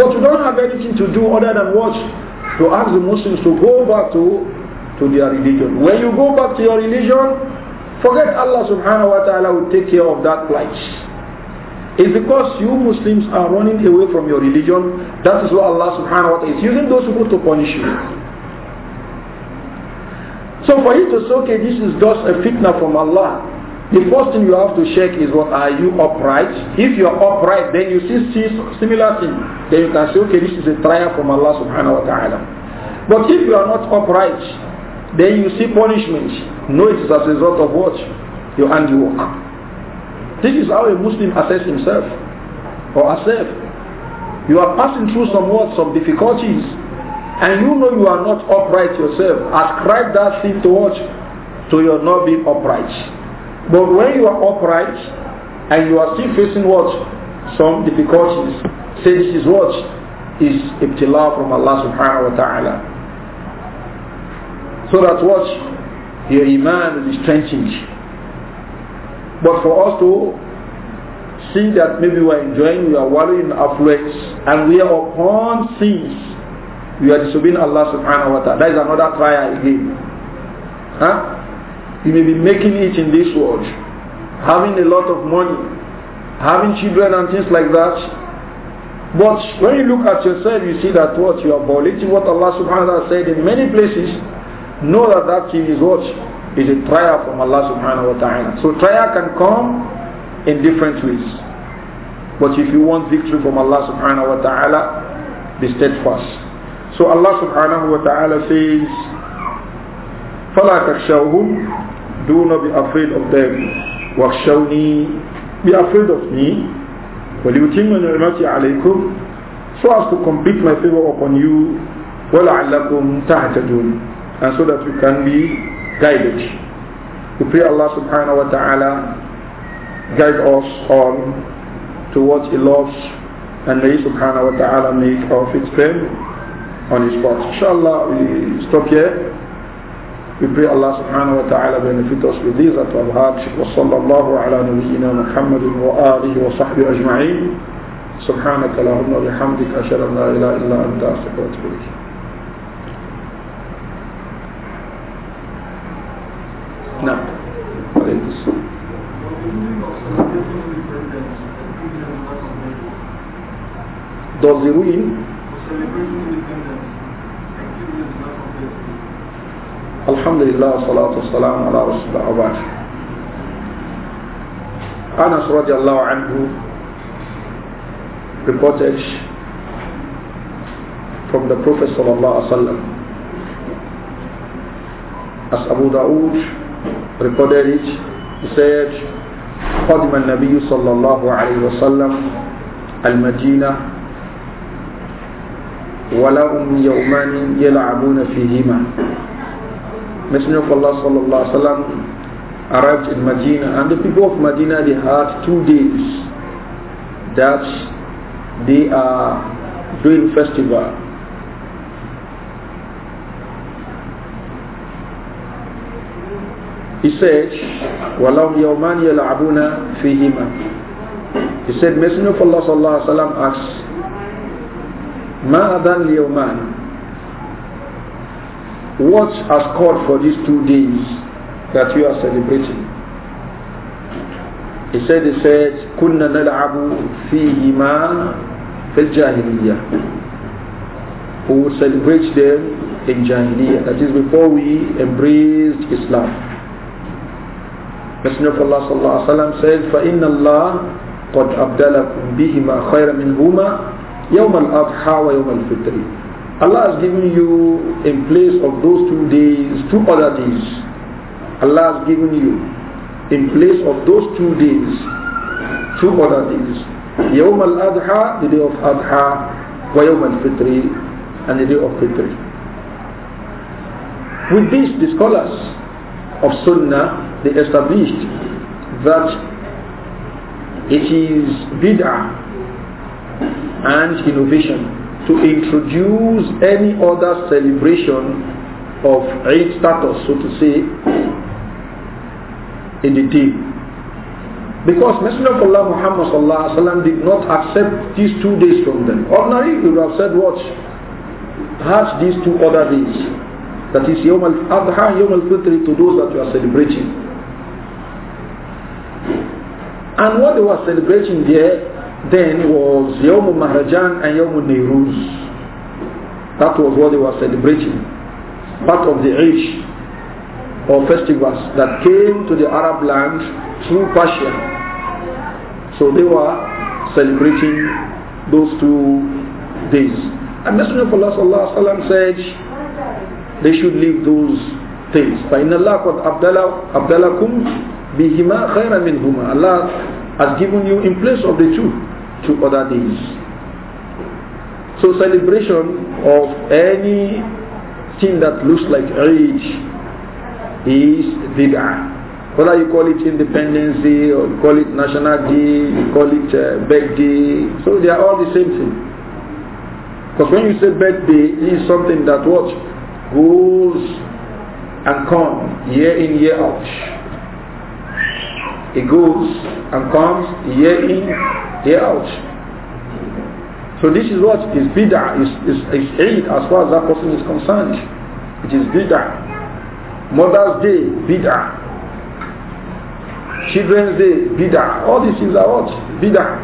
But we don't have anything to do other than what? To ask the Muslims to go back to, to their religion. When you go back to your religion, forget Allah subhanahu wa ta'ala will take care of that plight is because you Muslims are running away from your religion. That is why Allah subhanahu wa ta'ala is using those people to punish you. So for you to say, okay, this is just a fitna from Allah, the first thing you have to check is what are you upright? If you are upright, then you see, see similar thing. Then you can say, okay, this is a trial from Allah subhanahu wa ta'ala. But if you are not upright, then you see punishment. No, it is as a result of what? Your handiwork. This is how a Muslim assess himself or herself. You are passing through some what, some difficulties, and you know you are not upright yourself. Ascribe that sin to To your not being upright. But when you are upright and you are still facing what? Some difficulties. Say this is what? Is ibtila from Allah subhanahu wa ta'ala. So that what? Your iman is strengthened. But for us to see that maybe we are enjoying, we are worrying affluence, and we are upon sins, we are disobeying Allah subhanahu wa ta'ala. That is another trial again. Huh? You may be making it in this world, having a lot of money, having children and things like that. But when you look at yourself, you see that what you are violating what Allah subhanahu wa ta'ala said in many places. Know that that thing is what is a trial from Allah subhanahu wa ta'ala. So trial can come in different ways. But if you want victory from Allah subhanahu wa ta'ala, be steadfast. So Allah subhanahu wa ta'ala says, فَلَا تَخْشَوْهُمْ Do not be afraid of them. وَخْشَوْنِي Be afraid of me. وَلِيُتِمَّ نِعْمَتِي عَلَيْكُمْ So as to complete my favor upon you. وَلَعَلَّكُمْ تَهْتَدُونَ And so that you can be Guide it. We pray Allah subhanahu wa ta'ala guide us all to what He loves and may He subhanahu wa ta'ala make our feet firm on His path. Inshallah, we stop here. We pray Allah subhanahu wa ta'ala benefit us with these that we have heard. وصلى الله على نبينا محمد وآله وصحبه أجمعين. سبحانك اللهم وبحمدك أشهد أن لا إله إلا أنت أستغفرك وأتوب إليك. نعم Does the ruin? Alhamdulillah, salatu salam ala rasulullah abad. Anas radiallahu anhu reported from the Prophet sallallahu alaihi wasallam as Abu Dawud recorded said, قدم النبي صلى الله عليه وسلم المدينة ولهم يومان يلعبون فيهما Messenger of Allah صلى الله عليه وسلم arrived in Medina and the people of Medina they had two days that they are doing festival He said, وَلَوْمْ يَوْمَانِ يَلَعَبُونَ فِيهِمَا He said, Messenger of Allah sallallahu alayhi wa sallam asked, مَا أَذَنْ لِيَوْمَانِ What has called for these two days that you are celebrating? He said, he said, كُنَّا نَلْعَبُ فِيهِمَا فِي الْجَاهِلِيَّةِ We would celebrate them in Jahiliyyah, that is before we embraced Islam. Messenger of Allah sallallahu alaihi wasallam said, فَإِنَّ اللَّهَ قَدْ أَبْدَلَكُمْ بِهِمَا خَيْرًا مِنْهُمَا يَوْمَ الْأَضْحَى وَيَوْمَ الْفِطْرِ Allah has given you in place of those two days, two other days. Allah has given you in place of those two days, two other days. Yawm al-Adha, the day of Adha, wa Yawm al-Fitri, and the day of Fitri. With this, the scholars of Sunnah they established that it is bid'ah and innovation to introduce any other celebration of Eid status, so to say, in the day. Because Messenger of Allah Muhammad sallam, did not accept these two days from them. Ordinarily, he would have said, what? Has these two other days. That is Yom al-Adha, Yom al-Fitr to those that you are celebrating. And what they were celebrating there then was Yom Maharajan and Yom Nehruz. That was what they were celebrating. Part of the Ish or festivals that came to the Arab land through Persia. So they were celebrating those two days. And Messenger of Allah sallam, said they should leave those things. فَإِنَّ اللَّهَ قَدْ أَبْدَلَكُمْ bihima khairan minhuma. Allah has given you in place of the two, two other days. So celebration of any thing that looks like Eid is bid'ah. Whether you call it Independence Day or you call it National Day, you call it uh, Birthday, so they are all the same thing. Because when you say birthday, it is something that what goes and comes year in, year out. He goes and comes year in, year out. So this is what is bid'ah, is, is, is Eid as far as that person is concerned. It is bid'ah. Mother's Day, bid'ah. Children's Day, bid'ah. All these things are what? Bid'ah.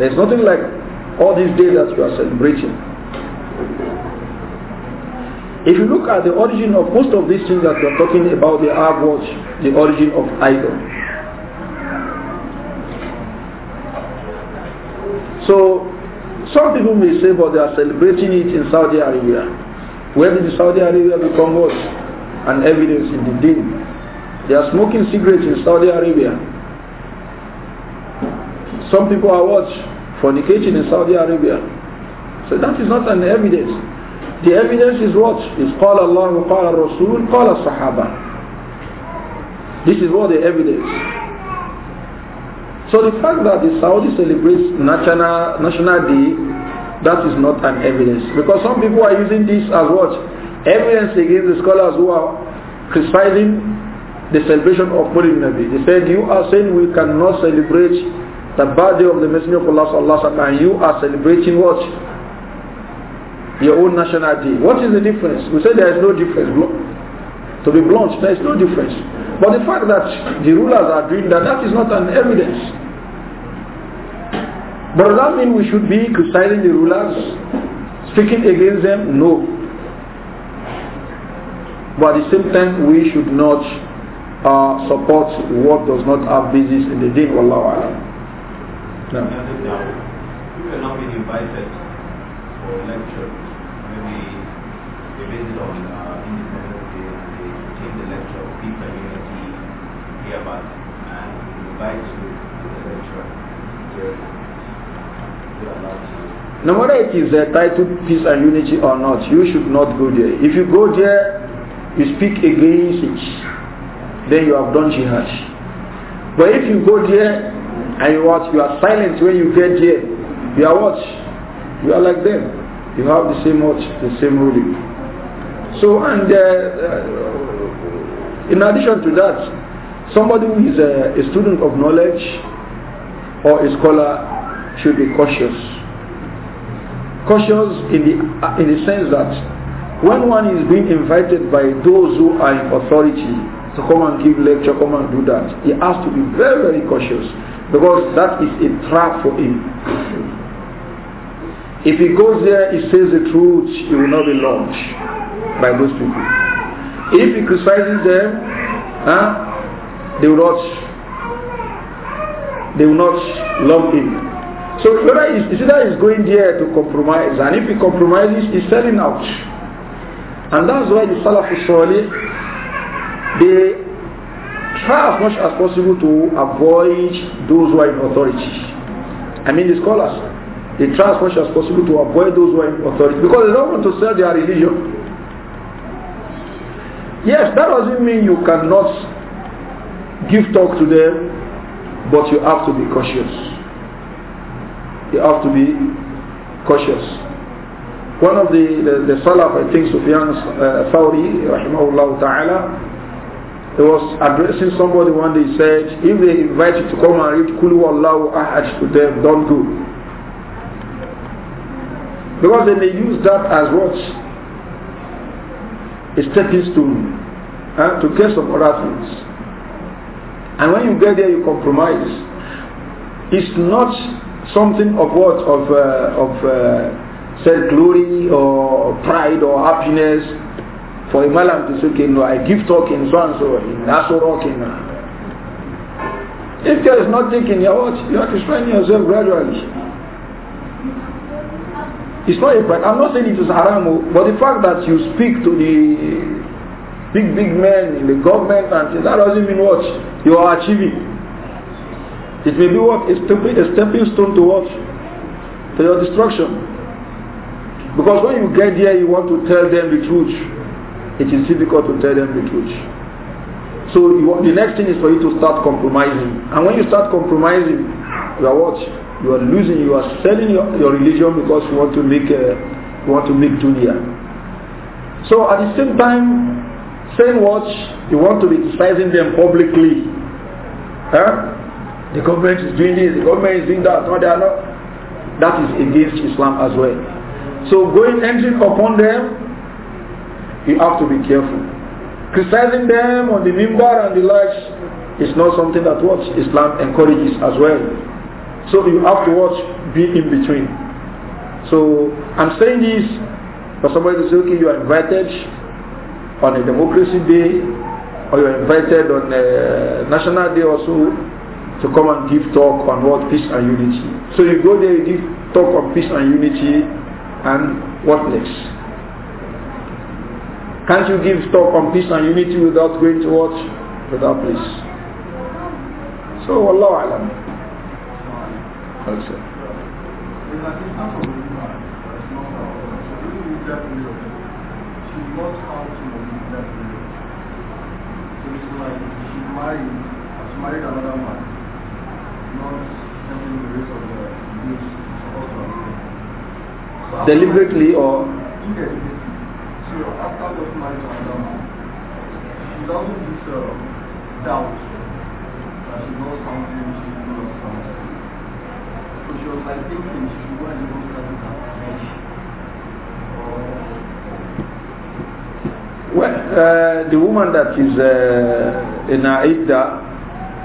There's nothing like all these days that you are celebrating. If you look at the origin of most of these things that we are talking about, they are what? The origin of idol. So some people may say, but they are celebrating it in Saudi Arabia. Where did Saudi Arabia become what? An evidence in the deen. They are smoking cigarettes in Saudi Arabia. Some people are what? Fornicating in Saudi Arabia. So that is not an evidence. The evidence is what? Is قال الله قال الرسول قال الصحابة. This is what the evidence. So the fact that the Saudi celebrates National, National Day, that is not an evidence. Because some people are using this as what? Evidence against the scholars who are criticizing the celebration of Mulim Nabi. They said, you are saying we cannot celebrate the birthday of the Messenger of Allah sallallahu alaihi wasallam and you are celebrating what? Your own national day. What is the difference? We said there is no difference. To be blunt, there is no difference. But the fact that the rulers are doing that, that is not an evidence. But does that mean we should be criticizing the rulers, speaking against them? No. But at the same time, we should not uh, support what does not have basis in the deen. of Allah. No. We uh, not been invited for lecture, maybe the visit on uh, hear about it and invite you to the lecture here. No matter it is a title peace and unity or not, you should not go there. If you go there, you speak against it, then you have done jihad. But if you go there and you watch, you are silent when you get there, you are what? You are like them. You have the same watch, the same ruling. So, and uh, uh in addition to that, somebody who is a, a student of knowledge or a scholar should be cautious. Cautious in the, in the sense that when one is being invited by those who are in authority to come and give lecture, come and do that, he has to be very, very cautious because that is a trap for him. If he goes there, he says the truth, he will not be launched by those people. If he criticizes them, huh, they will not they will not love him. So whether is either he's going there to compromise, and if he compromises, he's selling out. And that's why the Salafus surely they try as much as possible to avoid those who are in authority. I mean the scholars, they try as much as possible to avoid those who are in authority because they don't want to sell their religion. Yes, that doesn't mean you cannot give talk to them, but you have to be cautious. You have to be cautious. One of the, the, the Salaf, I think Sufyan uh, Thawri, rahimahullah ta'ala, he was addressing somebody one day, he said, if they invite you to come and read Kulu Allahu Ahad to them, don't go. Because they may use that as what? A stepping stone huh, to get some other things. And when you get there, you compromise. It's not something of what? Of, uh, of uh, self-glory or pride or happiness. For a malam to say, okay, no, I give talking, so and so, That's what talking. If there is not taking, you what? You are destroying yourself gradually. It's not a pride. I'm not saying it is haram, but the fact that you speak to the big, big men in the government and things. That doesn't mean what? You are achieving. It may be what? A be a stepping stone to what? To your destruction. Because when you get there, you want to tell them the truth. It is difficult to tell them the truth. So you, the next thing is for you to start compromising. And when you start compromising, you are what? You are losing. You are selling your, your religion because you want to make uh, you want to make dunya. So at the same time, saying watch. You want to be criticizing them publicly. Huh? The government is doing this, the government is doing that. No, they are not. That is against Islam as well. So going entering upon them, you have to be careful. Criticizing them on the mimbar and the likes is not something that what Islam encourages as well. So you have to watch, be in between. So I'm saying this for somebody to say, okay, you are invited on a democracy day or you're invited on a national day or so to come and give talk on what peace and unity. So you go there, you give talk on peace and unity and what next? Can't you give talk on peace and unity without going to what? Without peace. So Allah Alam. Also like she married, married another man, not having the rest of the gifts supposed to have Deliberately or? Yes. So after just married another man, she this uh, doubt that she knows something she knows something. So she was like thinking she should go and even study her or well, uh, the woman that is uh, in her idda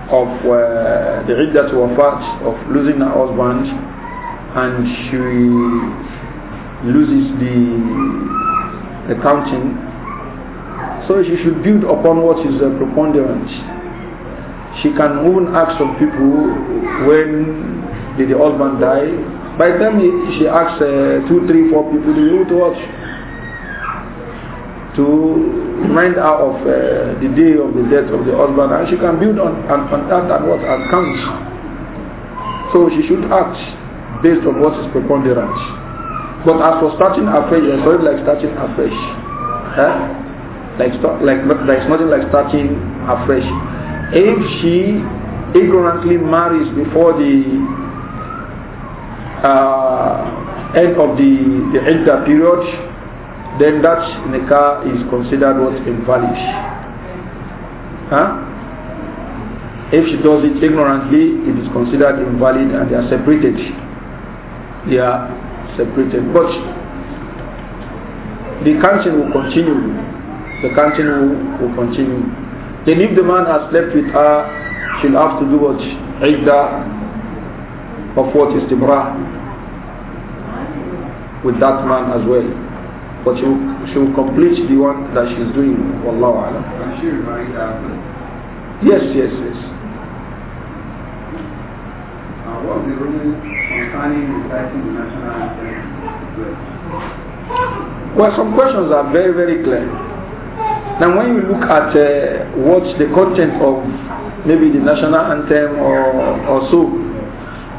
of uh, the idda to part of losing her husband and she loses the, accounting, so she should build upon what is the uh, preponderant. She can even ask some people when did the husband die. By the time she asks uh, two, three, four people, they will watch to remind her of uh, the day of the death of the husband and she can build on, on, on that and what and count. So she should act based on what is preponderant. But as for starting afresh, it's not like starting afresh. Huh? Eh? Like, like it's nothing like starting afresh. If she ignorantly marries before the uh, end of the, the Iddah period, then that nikah is considered what invalid. Huh? If she does it ignorantly, it is considered invalid and they are separated. They are separated. But the counting will continue. The counting will, will continue. Then if the man has slept with her, she'll have to do what? Idda of what is Timrah with that man as well. But she will, she will complete the one that she's doing. Wallahu alam. Um, yes, yes, yes. Uh, what the concerning reciting the national anthem? Well, some questions are very, very clear. Now, when you look at uh, what the content of maybe the national anthem or, or so,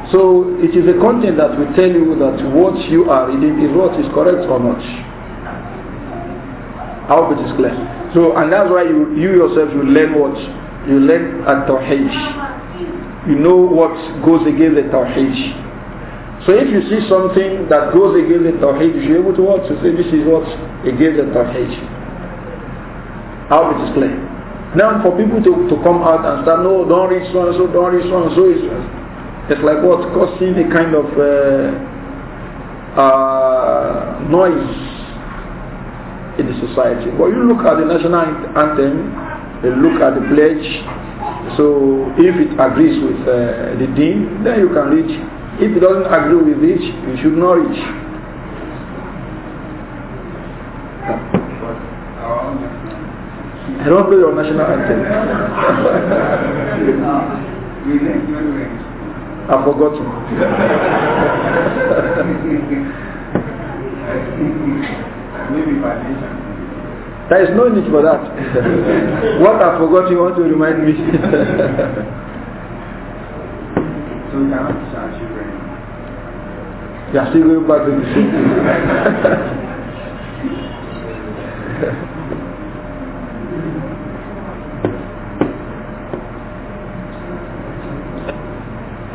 so it is a content that will tell you that what you are reading is what is correct or not. I hope it is clear. So, and that's why you, you yourself, you learn what? You learn at Tawheed. You know what goes against the Tawheed. So if you see something that goes against the Tawheed, you are able to watch to say this is what against the Tawheed. I hope it is clear. Now for people to, to come out and start, no, don't read so and so, don't read so and so, it's, it's like what? Causing a kind of uh, uh, noise in the society. But you look at the national anthem, you look at the pledge. So if it agrees with uh, the dean, then you can reach. If it doesn't agree with it, you should not reach. I don't play your national anthem. I've forgotten. Maybe financial. There is no need for that. what I forgot you want to remind me. so we cannot teach our children. You are still going back to the city.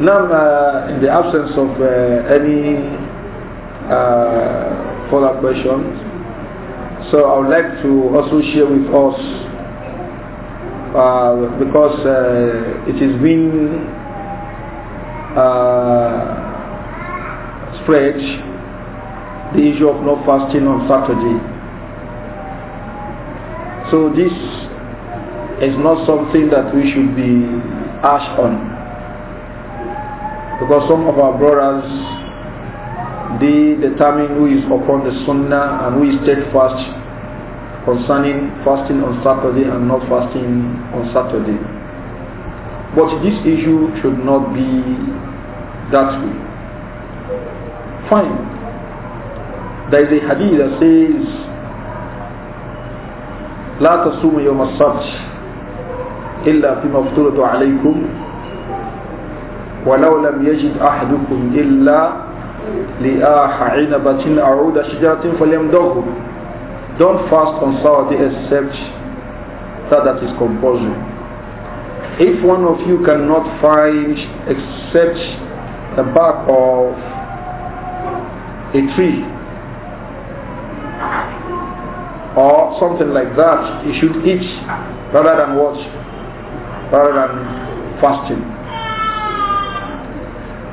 now, uh, in the absence of uh, any uh, follow-up questions, so I would like to also share with us uh, because uh, it has been uh, spread the issue of not fasting on Saturday. So this is not something that we should be ash on because some of our brothers they determine who is upon the sunnah and who is steadfast concerning fasting on Saturday and not fasting on Saturday. But this issue should not be that way. Fine. There is a hadith that says, لا تصوموا يوم السبت إلا فيما افترض عليكم ولو لم يجد أحدكم إلا فَلْيَمْدَغْهُ Don't fast on Saturday except that that is compulsory. If one of you cannot find except the bark of a tree or something like that, you should eat rather than watch, rather than fasting.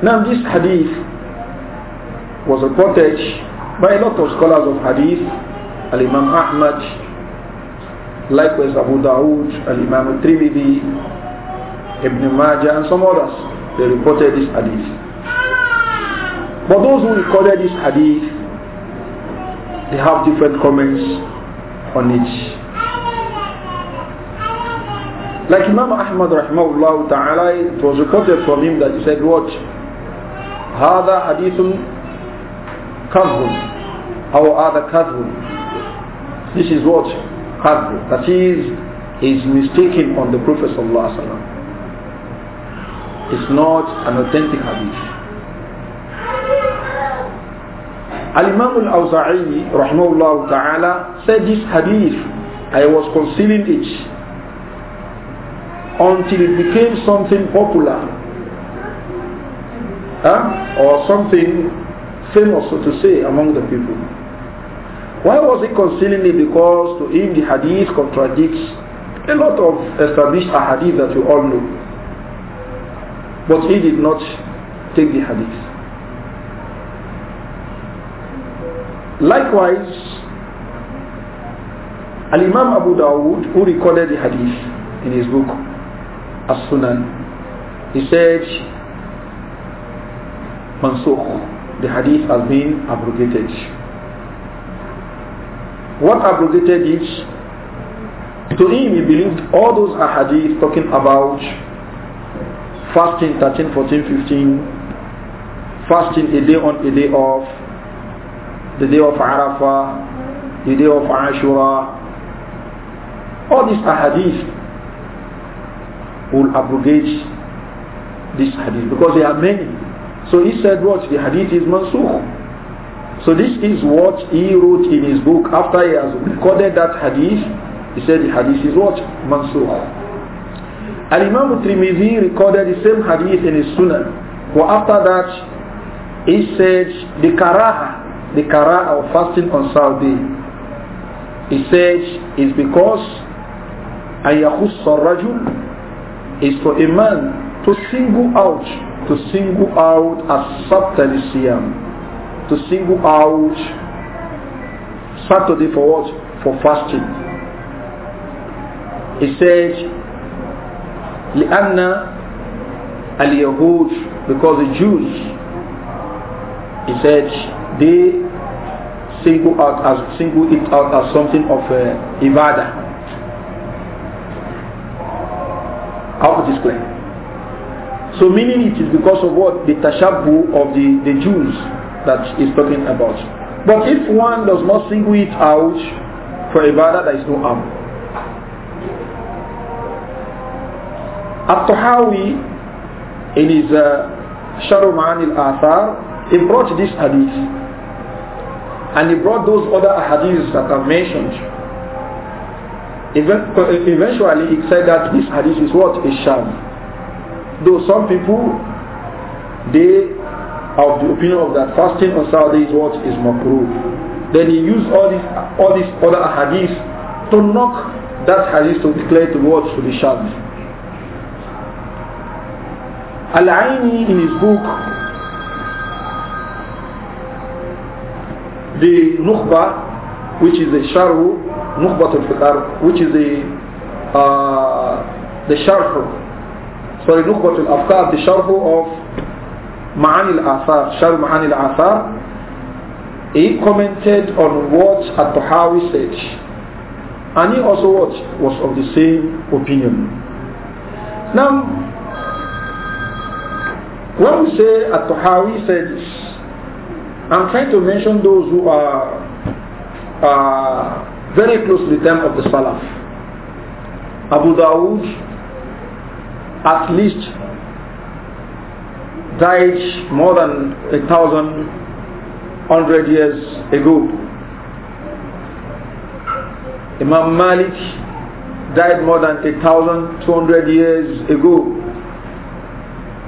Now this hadith was reported by a lot of scholars of hadith, Al-Imam Ahmad, likewise Abu Dawood, Al-Imam Tirmidhi, Ibn Majah and some others, they reported this hadith. But those who recorded this hadith, they have different comments on it. Like Imam Ahmad rahimahullah ta'ala, it was reported from him that he said, what? هذا حديث kadhbun our other kadhbun this is what kadhbun that is is mistaken on the Prophet sallallahu alaihi wasallam it's not an authentic hadith Al-Imam al-Awza'i ta'ala said this hadith I was concealing it until it became something popular huh? or something famous, so to say, among the people. Why was he concealing it? Because to him the hadith contradicts a lot of established hadith that we all know. But he did not take the hadith. Likewise, Al-Imam Abu Dawud, who recorded the hadith in his book, As-Sunan, he said, Mansukh the hadith has been abrogated. What abrogated is To him, he believed all those ahadith talking about fasting 13, 14, 15, fasting a day on, a day off, the day of Arafah, the day of Ashura. All these ahadith will abrogate this hadith because there are many so he said what? The hadith is mansukh. So this is what he wrote in his book after he has recorded that hadith. He said the hadith is what? Mansukh. Al-Imam Tirmidhi recorded the same hadith in his Sunan. But after that, he said the karaha, the karaha of fasting on Saudi. He said is because ayahus يخص is for a man to single out to single out as Sabtalisiyam, to single out Saturday for what? For fasting. He says, لأن اليهود because the Jews he said they single out as single it out as something of uh, ibadah. How to explain? So meaning it is because of what? The Tashabu of the, the Jews that is talking about. But if one does not single it out for ibadah, there is no harm. At-Tahawi, in his uh, al-Athar, he brought this hadith. And he brought those other hadiths that I mentioned. Even, eventually, he said that this hadith is what? Is sham. Though some people, they have of the opinion of that fasting on Saturday is what is makruh. Then he used all these, all these other hadiths to knock that hadith to declare the words to be Shadi. Al-Aini in his book, the Nukhba, which is the sharu Nukhbat al-Fikar, which is the, uh, the Sharhu sorry نخبة Afkar, the sharh of معاني الآثار شرح معاني الآثار he commented on what At-Tahawi said and he also what, was of the same opinion now when we say At-Tahawi said this I'm trying to mention those who are uh, very close to the time of the Salaf Abu Dawud at least died more than a thousand hundred years ago. Imam Malik died more than a thousand two hundred years ago.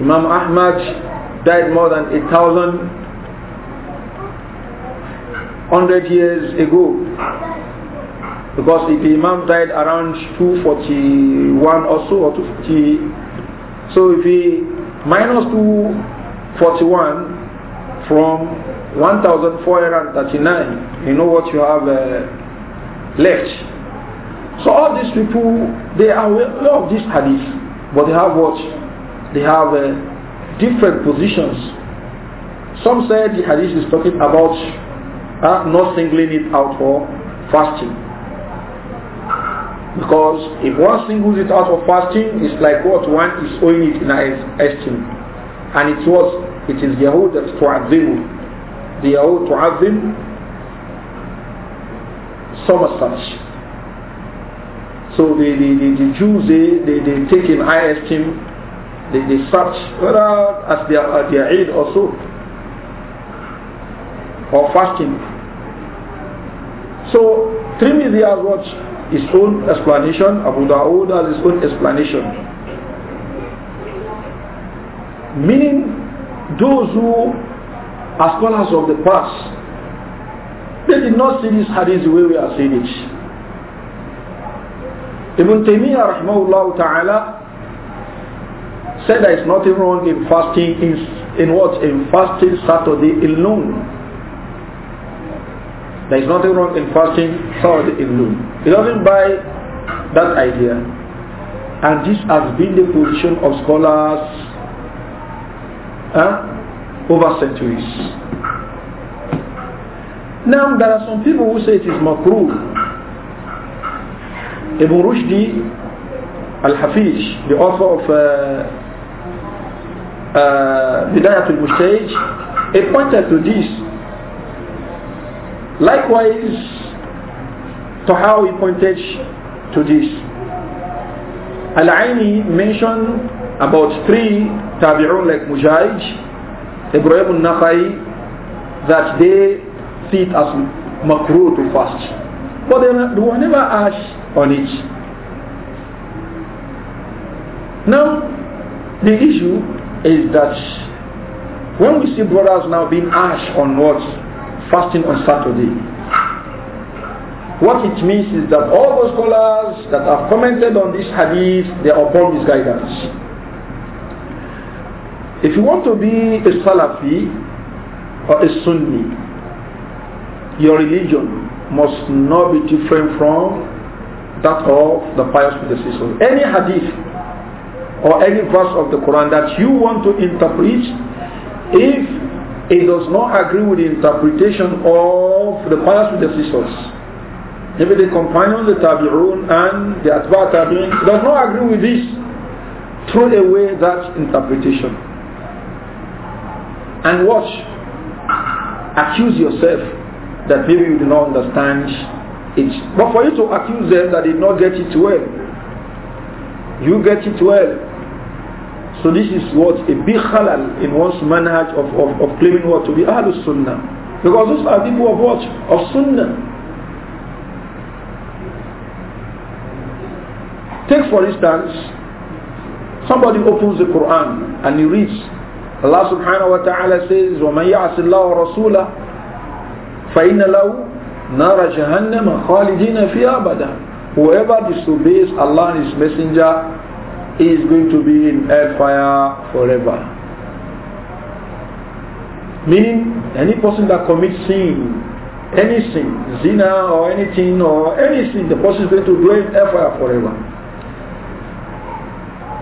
Imam Ahmad died more than a thousand hundred years ago because if the Imam died around 241 or so or 240 so if he 241 from 1439, you know what you have uh, left. So all these people, they are aware of this hadith, but they have what? They have uh, different positions. Some said the hadith is talking about uh, not singling it out for fasting. Because if one singles it out of fasting, it's like what one is owing it in esteem. And it was, it is Yahud that tu'adzimu. The Yahud tu'adzim summer such. So the, the, the, the Jews, they, they, they take in high esteem, they, they search whether as their, their aid or so, or fasting. So three has watched his own explanation, Abu Dawood has his own explanation. Meaning, those who are scholars of the past, they did not see this hadith the way we are seeing it. Ibn Taymiyyah rahmahullah ta'ala said there is nothing wrong in fasting in, in what? In fasting Saturday alone. There is nothing wrong in fasting Saturday alone. He doesn't buy that idea. And this has been the position of scholars huh, over centuries. Now there are some people who say it is makruh. Ibn Rushdi Al-Hafiz, the author of uh, uh, al-Mujtahid, he pointed to this. Likewise, so how he pointed to this. Al-Aini mentioned about three tabi'un like Mujahid, Ibrahim al-Nakhai, that they see it as makruh to fast. But they were never asked on it. Now, the issue is that when we see brothers now being asked on what? Fasting on Saturday. What it means is that all the scholars that have commented on this hadith, they are upon this guidance. If you want to be a Salafi or a Sunni, your religion must not be different from that of the pious predecessors. Any hadith or any verse of the Quran that you want to interpret, if it does not agree with the interpretation of the pious predecessors, Maybe the companions, the tabi'un and the atba' tabi'un does not agree with this. Throw away that interpretation. And watch. Accuse yourself that maybe you do not understand it. But for you to accuse them that they did not get it well, you get it well. So this is what a big halal in one's manhaj of, of, of claiming what to be Ahlul Sunnah. Because those are people of what? Of Sunnah. for instance, somebody opens the Quran and he reads, Allah subhanahu wa ta'ala says, وَمَنْ يَعْصِ اللَّهُ وَرَسُولَهُ فَإِنَّ لَهُ نَارَ جَهَنَّمَ خَالِدِينَ أَبَدًا Whoever disobeys Allah and His Messenger is going to be in hellfire forever. Meaning, any person that commits sin any sin, zina or anything or anything, the person is going to dwell in hellfire forever.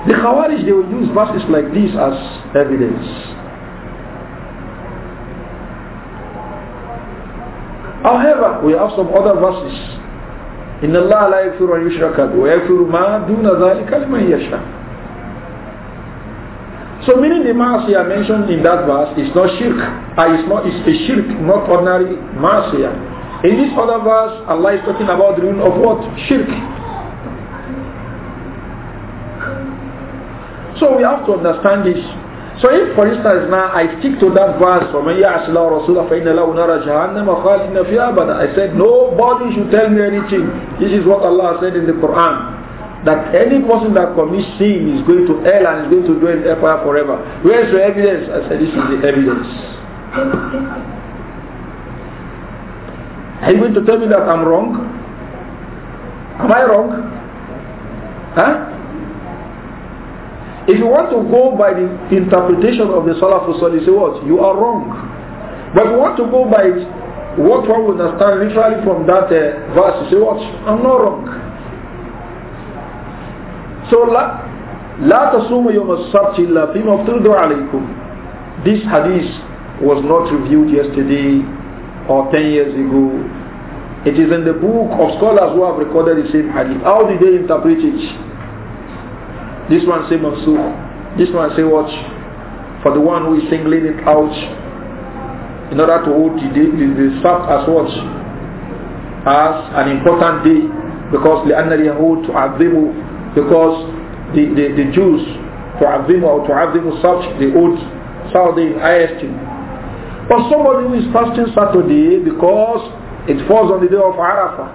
The Khawarij, they will use verses like this as evidence. However, we have some other verses. إن الله لا يغفر أن يشرك به ويغفر ما دون ذلك لمن يشاء. So meaning the masiyah mentioned in that verse is not shirk, uh, it's not it's a shirk, not ordinary masiyah. In this other verse, Allah is talking about the ruin of what? Shirk. So we have to understand this. So if, for instance, now I stick to that verse from Yasla Rasulullah فَإِنَّ I said, nobody should tell me anything. This is what Allah said in the Quran. That any person that commits sin is going to hell and is going to dwell in fire forever. Where is the evidence? I said, this is the evidence. Are you going to tell me that I'm wrong? Am I wrong? Huh? If you want to go by the interpretation of the Salafu Salih, say what? You are wrong. But if you want to go by it, what one would understand literally from that uh, verse, you say what? I'm not wrong. So, لا تصوموا يوم السبت إلا فيما افترضوا عليكم This hadith was not reviewed yesterday or 10 years ago. It is in the book of scholars who have recorded the same hadith. How did they interpret it? This one say mansukh. This one say watch For the one who is singling it out in order to hold the, the, the Sabbath as watch As an important day because لأن to تعظموا because the, the, the Jews or to تعظموا such the old Saturday in high But somebody who is fasting Saturday because it falls on the day of Arafah.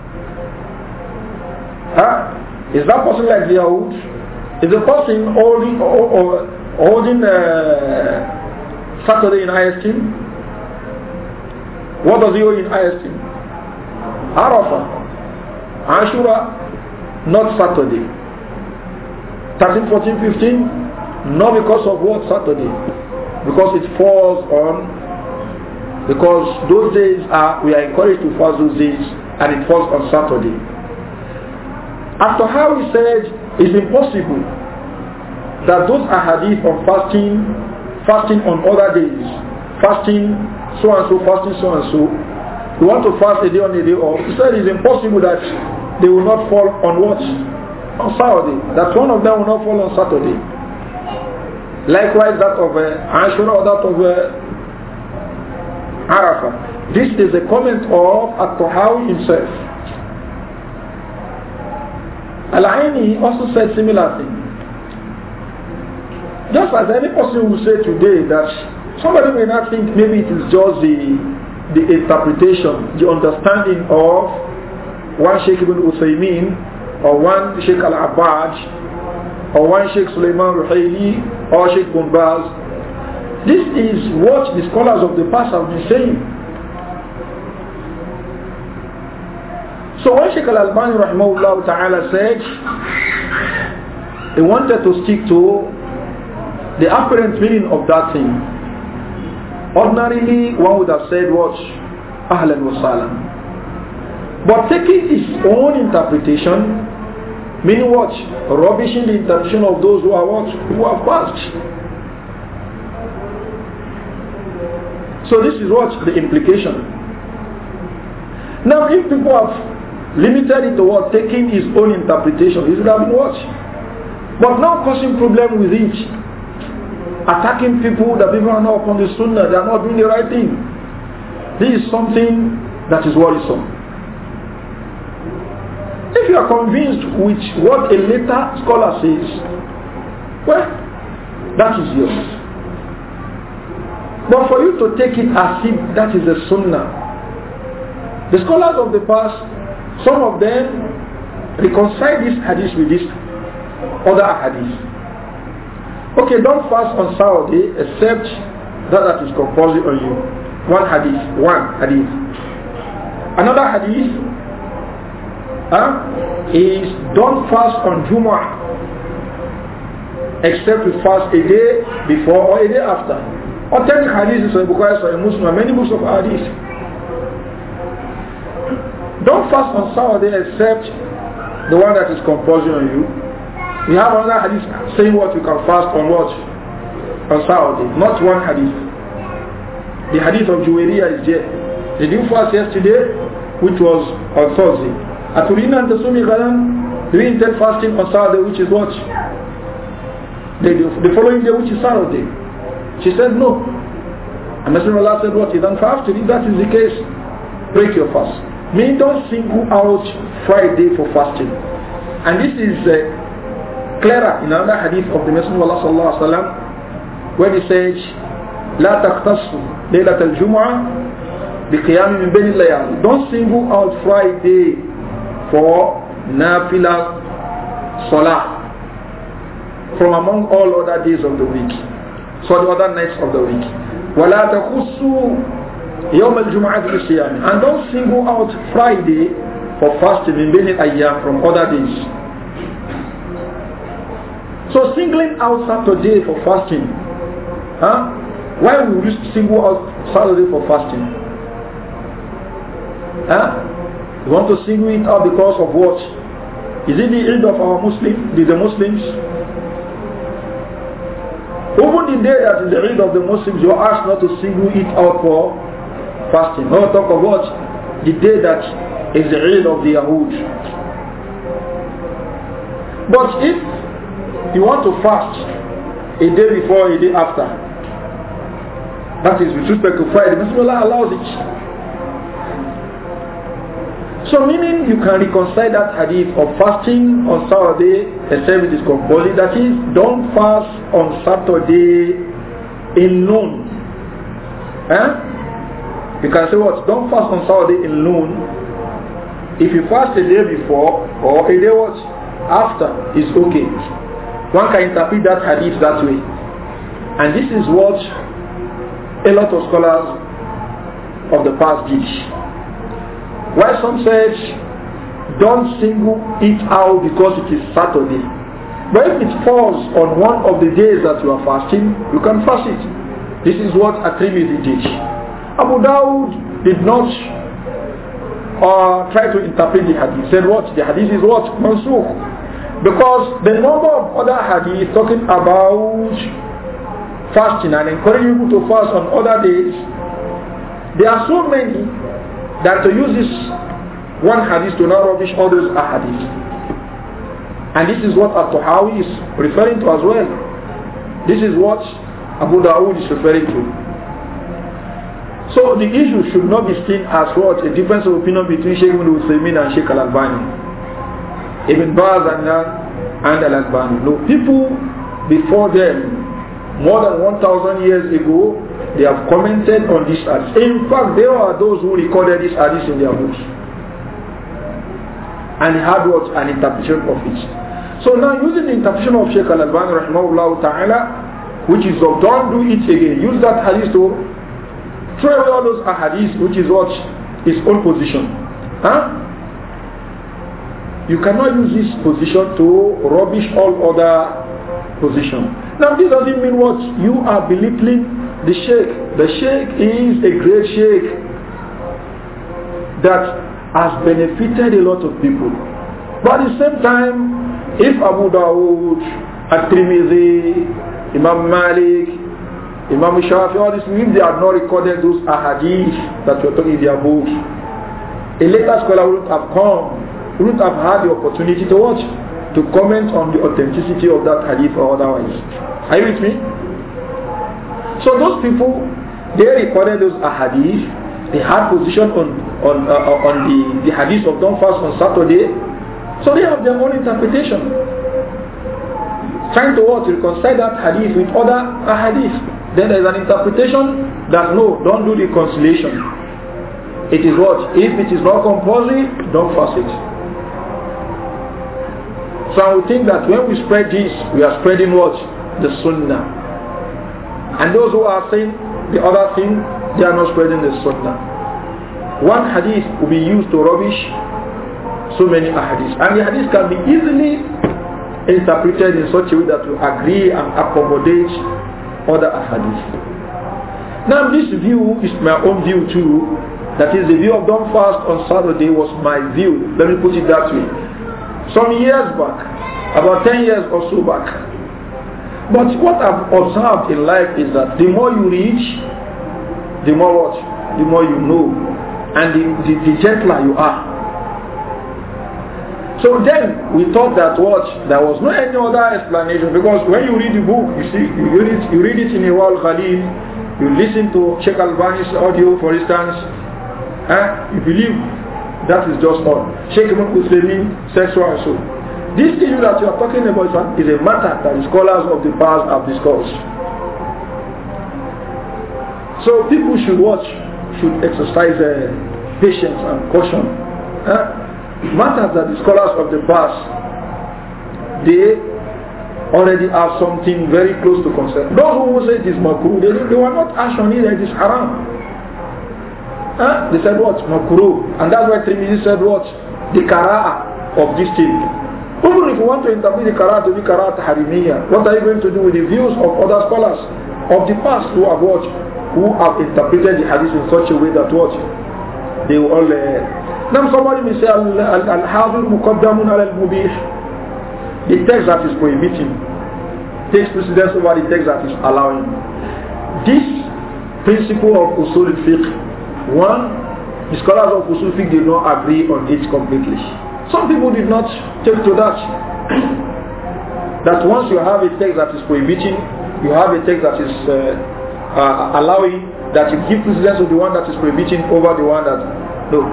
Huh? Is that person like the Yahud? Is it person holding, or, or holding uh, Saturday in IST, what does he hold in IST? Arafah. Ashura, not Saturday. 13, 14, 15, not because of what Saturday. Because it falls on because those days are we are encouraged to fast those days and it falls on Saturday. After how we said it's impossible that those ahadith of fasting, fasting on other days, fasting so and so, fasting so and so, you want to fast a day on a day off. He said it's impossible that they will not fall on what? On Saturday. That one of them will not fall on Saturday. Likewise that of uh, Ashura or that of uh, Arafah. This is a comment of At-Tahawi himself. Al-Aini also said similar thing. Just as any person will say today that somebody may not think maybe it is just the, the interpretation, the understanding of one Sheikh Ibn Uthaymeen or one Sheikh Al-Abbad or one Sheikh Suleiman Ruhaili or Sheikh Bin This is what the scholars of the past have been saying. So when Sheikh Al-Albani rahimahullah ta'ala said, he wanted to stick to the apparent meaning of that thing. Ordinarily, one would have said what? Ahlan wa salam. But taking his own interpretation, meaning what? Rubbishing the interpretation of those who are what? Who have passed. So this is what? The implication. Now if people have limited it to what? Taking his own interpretation. Is should what? But now causing problem with it. Attacking people that people are not upon the sunnah, they are not doing the right thing. This is something that is worrisome. If you are convinced with what a later scholar says, well, that is yours. But for you to take it as if that is a sunnah, the scholars of the past some of them reconcile this hadith with this other hadith. Okay, don't fast on Saturday except that that is compulsory on you. One hadith, one hadith. Another hadith huh, is don't fast on Jumu'ah except to fast a day before or a day after. Authentic hadith is in Bukhari, a Muslim, many books of hadith. Don't fast on Saturday except the one that is compulsory on you. We have another hadith saying what you can fast on what? On Saturday. Not one hadith. The hadith of Juwariya is there. Did you fast yesterday? Which was on Thursday. Aturina and Tasumi Ghalan, do intend fasting on Saturday, which is what? The, the, the following day, which is Saturday. She said no. And Messenger of Allah said what? He done fast. If that is the case, break your fast. Meaning don't single out Friday for fasting. And this is uh, clearer in another hadith of the Messenger of Allah sallallahu alaihi wasallam when he says, لا تختصوا ليلة الجمعة بقيام من بين الليالي. Don't single out Friday for nafila salah from among all other days of the week. So the other nights of the week. ولا تخصوا يوم الجمعة للصيام and don't single out Friday for fasting من بين الأيام from other days so singling out Saturday for fasting huh? why we you single out Saturday for fasting huh? you want to single it out because of what is it the end of our Muslim the, the Muslims even the day that is the end of the Muslims you are asked not to single it out for fasting. No talk of what? The day that is the Eid of the Yahud. But if you want to fast a day before, a day after, that is with respect to Friday, Bismillah allows it. So meaning you can reconcile that hadith of fasting on Saturday except it is compulsory. That is, don't fast on Saturday alone. Eh? You can say what? Don't fast on Saturday in noon. If you fast a day before or a day what? After is okay. One can interpret that hadith that way. And this is what a lot of scholars of the past did. Why some said, don't single it out because it is Saturday. But if it falls on one of the days that you are fasting, you can fast it. This is what Atrimidi did. Abu Dawud did not uh, try to interpret the hadith. Said what? The hadith is what? Mansukh. Because the number of other hadith talking about fasting and encouraging people to fast on other days, there are so many that to use this one hadith to not rubbish all those hadiths. And this is what Al-Tuhawi is referring to as well. This is what Abu Dawud is referring to. So the issue should not be seen as what a difference of opinion between Sheikh Ibn Uthaymeen and Sheikh Al-Albani, Ibn Baz and, uh, and Al-Albani. No, people before them, more than 1,000 years ago, they have commented on this hadith. In fact, there are those who recorded this hadith in their books and had what an interpretation of it. So now using the interpretation of Sheikh Al-Albani rahimahullah ta'ala, which is of don't do it again, use that hadith to Throw away all those ahadith, which is what his own position. Huh? You cannot use this position to rubbish all other position. Now this doesn't mean what you are belittling the sheikh. The sheikh is a great sheikh that has benefited a lot of people. But at the same time, if Abu Dawood, At-Tirmidhi, Imam Malik, Imam Shafi, all this, if they had not recorded those ahadith that were talking in their books, a later scholar wouldn't have come, wouldn't have had the opportunity to watch, to comment on the authenticity of that hadith or otherwise. Are you with me? So those people, they recorded those ahadith, they had position on, on, uh, on the, the hadith of dawn fast on Saturday, so they have their own interpretation trying to to Reconcile that hadith with other ahadith. Then there is an interpretation that no, don't do the conciliation. It is what? If it is not compulsory, don't fast it. So I would think that when we spread this, we are spreading what? The sunnah. And those who are saying the other thing, they are not spreading the sunnah. One hadith will be used to rubbish so many hadiths. And the hadith can be easily interpreted in such a way that will agree and accommodate other ahadith. Now this view is my own view too. That is the view of don't fast on Saturday was my view. Let me put it that way. Some years back, about 10 years or so back. But what I've observed in life is that the more you reach, the more what? The more you know. And the, the, the gentler you are. So then we thought that what there was no any other explanation because when you read the book, you see you read it, you read it in Iwal Khalil, you listen to Sheikh Albani's audio, for instance, eh, you believe that is just all. Sheikh Ibn Uthaymeen says so and so. This issue that you are talking about is a matter that the scholars of the past have discussed. So people should watch, should exercise uh, patience and caution. Eh? matters that the scholars of the past, they already have something very close to concern. Those who say it is makruh, they, they were not ash on it, is haram. Huh? They said what? Makruh. And that's why Trimidi said what? The kara'a of this thing. Even if you want to interpret the kara'a to be kara'a tahrimiya, what are you going to do with the views of other scholars of the past who have watched, who have interpreted the hadith in such a way that what? They will all uh, Now somebody may say, Al-Hadir Muqaddamun al-Mubih. The text that is prohibiting takes precedence over the text that is allowing. This principle of Usul fiqh, one, the scholars of Usul fiqh did not agree on it completely. Some people did not take to that. that once you have a text that is prohibiting, you have a text that is uh, uh, allowing, that you give precedence to the one that is prohibiting over the one that... No.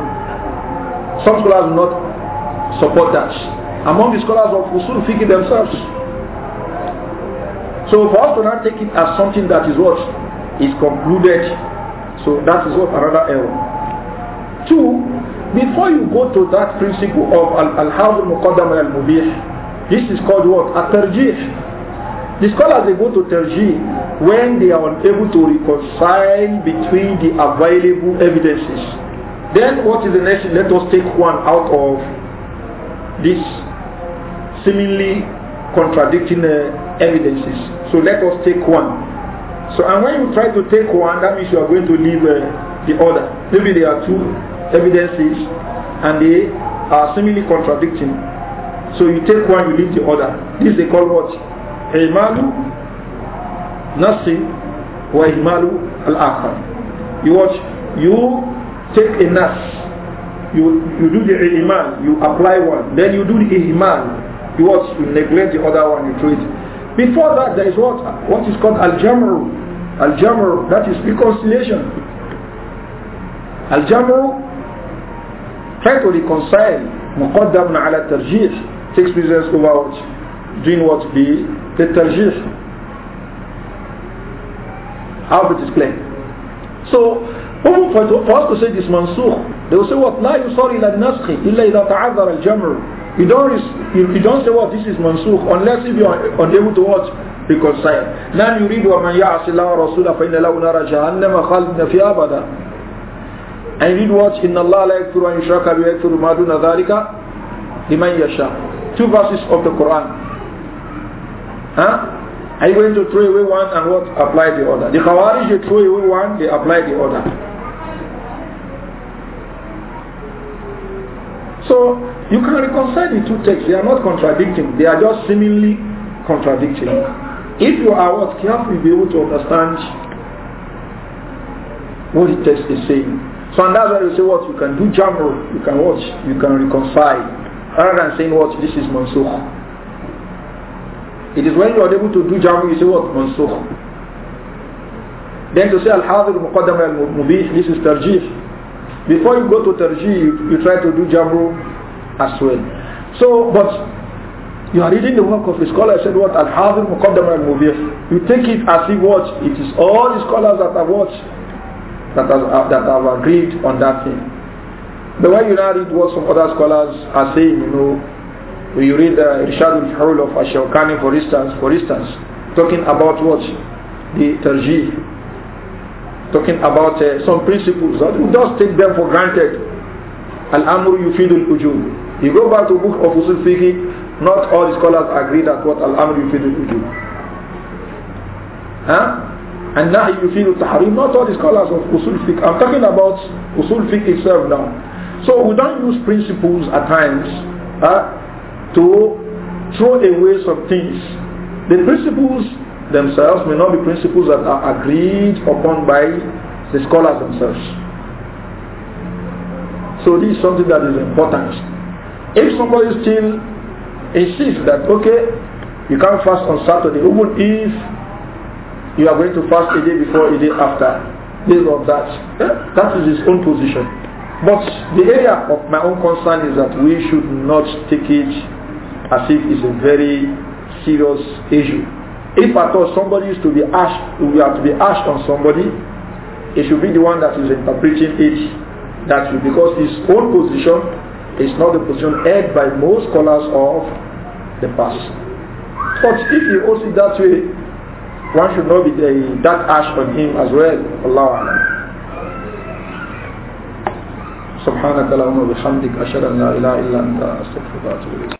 Some scholars will not support that. Among the scholars of Usul Fiqh themselves. So for us to not take it as something that is what is concluded, so that is what another error. Two, before you go to that principle of al al muqaddam al-mubih, this is called what? At-tarjih. The scholars they go to Terji when they are unable to reconcile between the available evidences. Then what is the next? Let us take one out of these seemingly contradicting uh, evidences. So let us take one. So and when you try to take one, that means you are going to leave uh, the other. Maybe there are two evidences and they are seemingly contradicting. So you take one, you leave the other. This they call what? Himalu Nasi wa Himalu al-Akhar. You watch, you take a nas, you, you do the iman, you apply one, then you do the iman, you what? You neglect the other one, you throw it. Before that, there is what? What is called al-jamru. Al-jamru, that is reconciliation. Al-jamru, try to reconcile Muqaddamna ala tarjih, takes precedence over what? Doing what? The, the tarjih. How it is clear. So, هم for, for منسوخ to say this mansukh, they will say what? La yusari la naskhi illa idha ta'adhara al-jamr. You don't, you, you don't say what? This is mansukh unless if you are unable to watch, Reconcile. Nan يريد ومن يعص ya'asi la فإن fa inna جهنم خالدنا في أبدا. fi abada. And you read what? Inna إن la yakfiru يكفر yushraka bi yakfiru ma duna dhalika liman yasha. Two verses of the Quran. Huh? Are you going to throw away one and what? Apply the other. The Khawarij, they throw away one, they apply the other. So you can reconcile the two texts. They are not contradicting. They are just seemingly contradicting. If you are what careful, you'll be able to understand what the text is saying. So and that's why you say what you can do jamal. you can watch, you can reconcile, rather than saying what this is mansukh. It is when you are able to do jamal. you say what mansukh. Then to say al-hadir muqaddam al-mubih, this is tarjih. Before you go to Tarjih, you try to do Jabru as well. So, but you are reading the work of a scholar, I said what? Al-Hazir Muqaddam al-Mubir. You take it as he was. It is all the scholars that have watched, that have, uh, that have agreed on that thing. The way you now read what some other scholars are saying, you know, when you read uh, Rishad al-Fahul of Ashokani, for instance, for instance, talking about what? The Tarjih talking about uh, some principles that we just take them for granted. Al-amru yufidul ujub. You go back to book of usul fiqh, not all the scholars agree that what al-amru yufidul ujub. Huh? And nahi feel tahrim, not all the scholars of usul fiqh. I'm talking about usul fiqh itself now. So we don't use principles at times uh, to throw away some things. The principles themselves may not be principles that are agreed upon by the scholars themselves. So this is something that is important. If somebody still insists that, okay, you can't fast on Saturday, even if you are going to fast a day before, a day after, this or that, eh, that is his own position. But the area of my own concern is that we should not take it as if it's a very serious issue. If at all somebody is to be asked, we are to be asked on somebody, it should be the one that is interpreting it that way because his own position is not the position held by most scholars of the past. But if he holds it that way, one should not be that ash on him as well. Allah. سبحانك اللهم وبحمدك أشهد أن لا إله إلا أنت أستغفرك وأتوب إليك